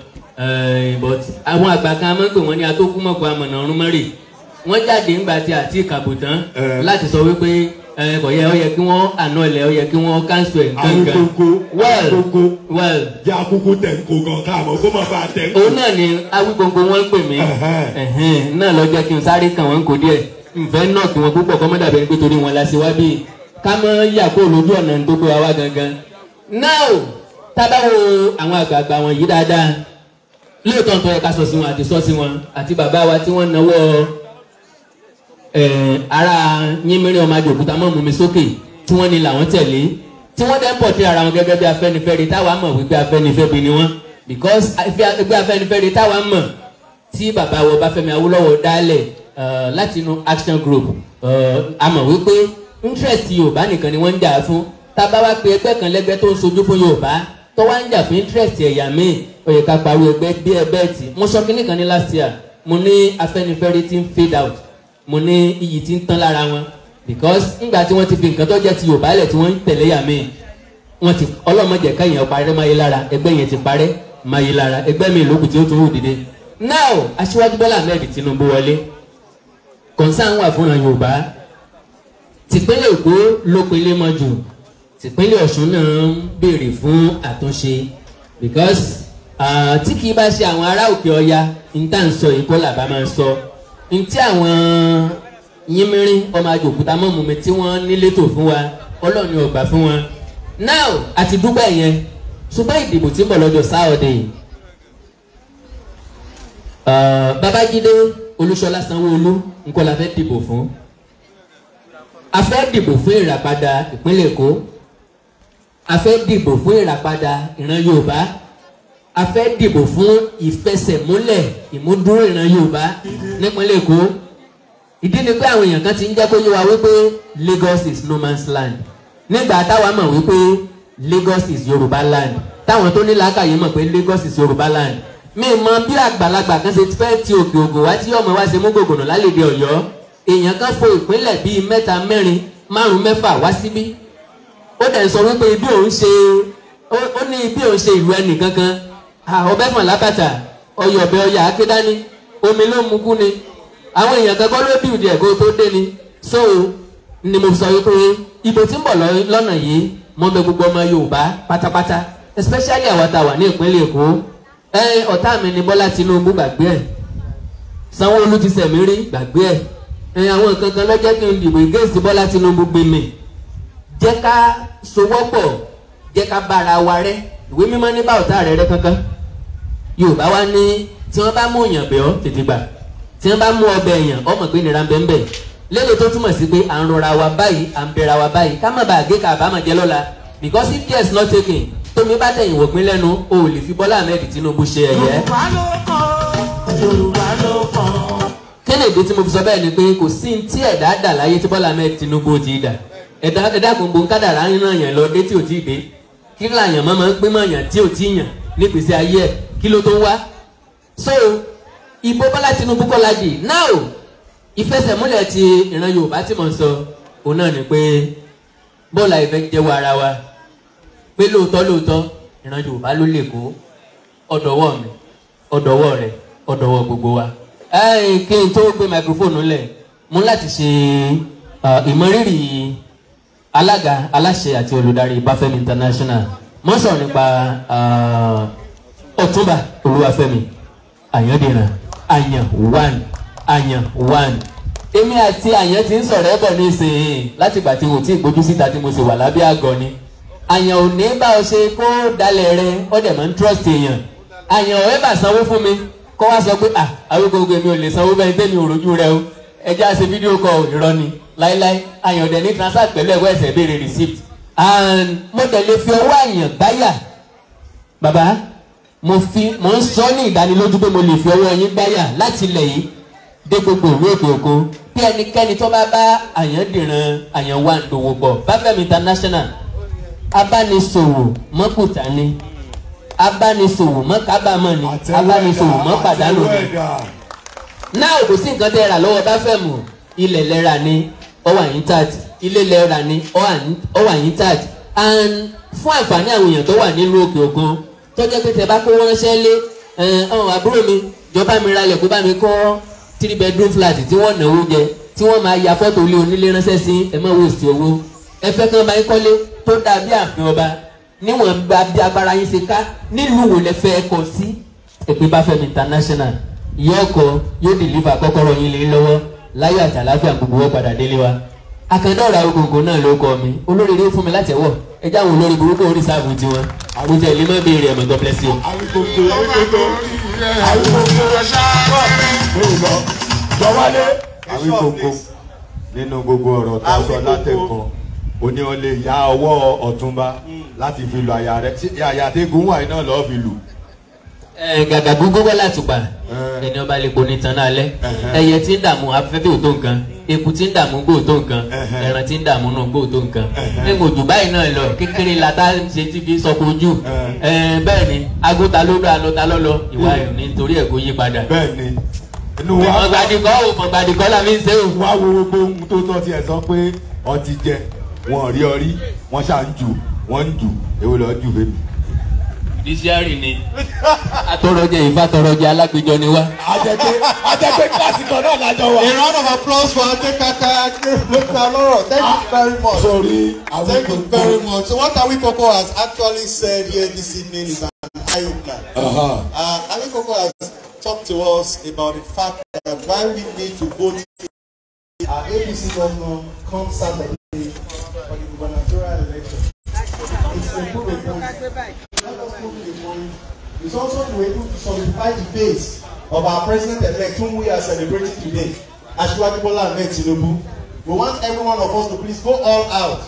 [SPEAKER 3] but àwọn àgbà kan máa ń pè wọ́n ní atókùmọ̀kọ amọ̀nà ọ̀run mọ́rì wọ́n jáde ńgbà tí àti ìkàbò tán láti sọ wípé ẹ kò yẹ ọ yẹ kí wọn àná ilẹ ọ yẹ kí wọn cancel ẹ gangan. àwọn koko well koko well jẹ akoko tẹ gan káàmọ kó má bàa tẹ òun náà ni awi gbogbo wọn pè mí náà lọ kí n sáré kàn wọn kò díẹ̀ nfẹ náà kí wọn púpọ̀ kọ mọdàbẹ ní pé wọn la wá bíi ká yàgò lójú ọ̀nà tó wa wá gangan. now tábà àwọn àgbààgbà wọn yìí dáadáa lóòótọ́ nítorí ká sọ sí wọn àti sọ sí wọn àti bàbá wa tí wọ́n náwó Eh, ara Yínmírín ọmọ Abẹ́òkúta mọ́ mú mi sókè tí wọ́n ní làwọn tẹ̀lé tí wọ́n dẹ́ ń pọ̀ tí ara wọn gẹ́gẹ́ bí Afẹ́nifẹ́re táwa mọ̀ wípé Afẹ́nifẹ́be ni wọ́n because ẹgbẹ́ Afẹ́nifẹ́re táwa mọ̀ tí bàbá wa Ọbáfẹ́mi Awólọ́wọ̀ dálẹ̀ eh, láti inú action group eh, a mọ̀ wípé interest Yorùbá nìkan ni wọ́n ń jà fún tábà wá pé ẹgbẹ́ kan lẹ́gbẹ́ tó ń sojú fún Yorùbá tó wá ń jà fún interest ẹ̀yà míì ó yẹ ká parí ẹgbẹ́ bí ẹgbẹ́ tì mo sọ kínní kan ní last year mo ní Afẹ́nifẹ́re ti ń fade out mo ní iyì tí ń tán lára wọn because ńgbà tí wọ́n ti fi nǹkan tó jẹ́ ti Yorùbá lẹ̀ tí wọ́n ń tẹ̀lé yà mí wọ́n ti ọlọ́mọdé káyìn parẹ́ máyé lára ẹgbẹ́ yẹn ti parẹ́ máyé lára ẹgbẹ́ mi lókùn tí ó tó wù dìde now aṣíwájú Bọ́lá Ahmed Tinubu wọlé concern wà fúnra Yorùbá tìpínlẹ̀ Èkó ló pinlé mọ́ jù tìpínlẹ̀ Ọ̀ṣun náà ń béèrè fún àtúnṣe because tí kì í bá ṣe àwọn ará òkè ọya ní tá à ń sọ èkó làbá máa ń sọ ntí àwọn yínmírín ọmọ àjòkúta mọ́mùmí tí wọ́n nílé tó fún wa ọlọ́run ọgbà fún wọn now àti dúpẹ́ yẹn ṣùgbọ́n ìdìbò tí bọ̀ lọ́jọ́ sáọ̀dẹ̀ yìí uh, Babájídé Olúṣọlá Sanwó-Olú nǹkan la fẹ́ dìbò fún a fẹ́ dìbò fún ìràpadà ìpínlẹ̀ Èkó a dìbò fún ìràpadà ìran Yorùbá a fẹ́ dìbò fún ìfẹsẹ̀múlẹ̀ ìmúdúró ìran Yorùbá nípínlẹ̀ Èkó ìdí ni pé àwọn èèyàn kan ti ń jẹ́ kó yé wa wípé Lagos is no man's land nígbà táwa mọ̀ wípé Lagos is Yorùbá land táwọn tó ní làákàyè mọ̀ pé Lagos is Yorùbá land mi mọ bí àgbàlagbà kan ṣe fẹ́ ti òkè ògùn wá tí ọmọ wa ṣe mú gògùnà lálẹ́dẹ Ọ̀yọ́ èèyàn kan fo ìpínlẹ̀ bíi mẹ́ta mẹ́rin márùn mẹ́fà wá síbí ó dẹ̀ sọ wípé ibi òun ṣe ó ní ibi òun ṣe ìlú ẹnì kankan ọbẹ̀ ah, mọ̀ lábàtà ọyọ̀ ọbẹ̀ ọyà akédání omi ló mú kú ni àwọn èèyàn kan gbọ́dọ̀ bí ìdí ẹ̀kọ́ tó dé ni so ni mo sọ pé ibo tí ń bọ̀ lọ́nà yìí mo bẹ̀ gbogbo ọmọ Yorùbá pátápátá especially àwa tá a wà ní ìpínlẹ̀ Èkó ẹ ọ̀tá mi ni Bọ́lá Tinubu gbàgbé ẹ̀ Sanwó-Olú ti sẹ̀mí rí gbàgbé ẹ̀ ẹ̀yìn àwọn nǹkan kan lọ́jọ́ kí n dìbò against Bọ́lá Tinubu gbèmí jẹ́ ká sowọ́pọ̀ jẹ́ ká bára wa rẹ́ ìwé mímọ́ ní bá ọ̀tá rẹ̀ rẹ́ kankan yorùbá wá ní tí wọ́n bá mú èèyàn bẹ̀ ọ́ tètè gbà tí wọ́n bá mú ọbẹ̀ èèyàn ọmọ pé nira ń bẹ ń bẹ lélo tó túmọ̀ sí pé à ń rọra wa báyìí à ń bẹ̀ra wa báyìí ká má bàa gé ká àbámọ̀ jẹ́ lọ́la because if care is not taken tómi bá tẹ̀yìn wọ̀pin lẹ́nu o ò lè fi Bọ́lá Ahmed Tinubu ṣe ẹ̀yẹ. yorùbá ló kàn yorùbá ló kàn. kéde ìdí tí mo fi sọ bẹ́ẹ̀ ni pé kò sí tí ẹ̀dá dà láyé tí Bọ́lá Ahmed Tinubu ti dà ẹ̀dá ẹ̀dá gbogbo ń kádàrá ń ràn yàn lọ dé tí ò tí dé kí làyàn mọ́ máa ń pín mọ́ yàn tí ò tí yàn nípèsè ayé ẹ̀ kí ló tó wá so ìbò Bọ́lá Tinubu Kọ́lá dì now ìfẹsẹ̀múlẹ̀ ti ìran Yorùbá tí mò ń sọ òun náà ni pé bọ́ọ̀lù àìfẹ́ jẹ́wọ́ ara wa pé lóòótọ́ lóòótọ́ ìran Yorùbá ló lè kó ọ̀dọ̀wọ́ mi ọ̀dọ̀wọ́ rẹ̀ ọ̀dọ̀wọ́ gbogbo wa. kí n tó gbé microphone lẹ̀ mú láti ṣe ìmọrírì alága aláṣẹ àti olùdarí Bafẹ́mi International mọ́sàn nípa. Uh, ọ̀túnba olúwafẹ́mi àyàndìran àyàn one àyàn one èmi àti àyàn ti ń sọ̀rọ̀ ẹ̀ bọ̀ ní ìsìn látìgbà tí mo ti gbójú síta tí mo sì wà lábẹ́ àgọ́ ni àyàn ò ní bá ọ ṣe kó dalẹ̀ rẹ ó dẹ̀ máa ń trust èèyàn àyàn ò ẹ̀ bá sanwó fún mi kó wá sọ pé à Awikonko èmi ò lè sanwó bẹ́ẹ̀ tẹ́mi ò rojú rẹ o ẹ já ṣe fídíò kọ ìrọ́ ni láíláí àyàn ò ní transfer pẹ̀lú ẹ̀wọ́ ẹ̀sẹ̀ béèrè receipt and mo dẹ̀ lè fi ọwọ́ àyàn gbáyà bàbá mo fi mo ń sọ ní ìdánilójú pé mo lè fi ọwọ́ yín gbáyà láti ilẹ̀ yìí dé gbogbo ìlú òkè òkú bí ẹnikẹ́ni tó bá bá àyàndìran àyànwá ìdòwò bọ̀ báfẹ́mi international abánisòwò mọ́kùtà ni abánisòwò mọ́kábàámọ̀ ni abánisòwò mọ́pàdánù ni náà kò sí nǹkan tẹ́ ra lọ́wọ́ báfẹ́mù ilẹ̀ lẹ́ra ni ọwọ́ àyín tààtì ilé lẹ́ra ni ọwọ́ àyín tààtì and fún àǹfààní àwọn èèyàn tó wà nílùú òkè òkun tọ́jọ́ pé tẹ̀ bá kó wọ́n ránṣẹ́ lé ọ̀hún àbúrò mi jọba mi ralẹ̀ kó bá mi kọ́ three bedroom flat tí wọ́n náwó jẹ tí wọ́n máa ya fọ́tò ilé onílé ránṣẹ́ sí ẹ má wò sí owó ẹ fẹ́ kán bá yín kọ́lé tó dáa bí ààfin ọba níwọ̀n gba bí agbára yín ṣe ká nílùú wò lẹ fẹ́ kọ́ sí èpè bá fẹ́mi international ìyá ọkọ̀ yóò deliver kọ́kọ́rọ́ yín lé lọ́wọ́ láyọ̀ àtàláfíà gbogbo wọn padà délé wa àkàndá ọ̀rọ̀ agogo náà ló kọ́ mi olóríire fún mi láti ẹ̀wọ̀ ẹ jẹ́ àwọn olórí burúkú orí sáàbù tiwọn àwọn tẹ̀lé má béèrè ẹ̀mọ́ God bless you. àrùkòkò àrùkòkò
[SPEAKER 1] àrùkòkò ṣáà jọwálé àrùkòkò
[SPEAKER 2] nínú gbogbo ọ̀rọ̀ tó sọ látẹ̀kọ́ o ní o lè ya ọwọ́ ọ̀túnba
[SPEAKER 3] láti fi lu àyà rẹ̀ àyà àtẹ̀gùn wà iná lọ́ọ́ fi lù gàgà gógó wẹ́ láti pa ẹni ọba lè poni tán náà lẹ ẹyẹ tí ń dààmú afẹ́fẹ́ òtó nǹkan eku tí ń dààmú gbòòtó nǹkan ẹran tí ń dààmú náà gbòòtó nǹkan ẹgbẹ́ òjò báyìí náà lọ kékeré la ṣe ti fi sọkò ojú bẹ́ẹ̀ ni agóta ló lọ alọ́ta lọ́lọ́ ìwà ẹ̀ nítorí ẹ̀ kó yí padà. bẹ́ẹ̀ni inú mọ̀gbàdìkọ́ o ń ṣe o.
[SPEAKER 2] wá wo gbogbo ohun tó tọ́ tiẹ̀ sọ pé ọtí jẹ wọn rí ọrí wọn ṣà
[SPEAKER 3] wọn ń jù èwo lọ jù fèmí dísíárì ni <laughs> atọrọjẹ ìfàtọrọjẹ alágbèjọ ni wá. àjẹpé àjẹpé kíláàsì kan náà lájọ wa. a round of applause
[SPEAKER 2] for adekaka lókè lọ́rọ̀ thank you ah, very much. sorry thank you very much so what Awikoko has actually said here this evening is an eye opener. Uh-huh. uh, Awikoko has talked to us about the fact that why we need to go to our APC governor come Saturday for the gubernatorial It's also to able to solidify the base of our president-elect whom we are celebrating today, Asiwaju Bola Ahmed Tinubu. We want every one of us to please go all out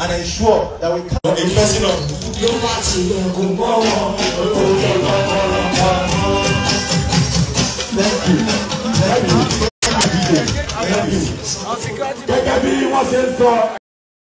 [SPEAKER 2] and ensure that we can. A person of. Ló bá tilẹ̀ kò gbọ́ wọn, olóòótọ́ lọ́wọ́ lọ́wọ́. Thank you. Thank you. Thank you. Gẹ́gẹ́ bí wọ́n ṣe ń sọ.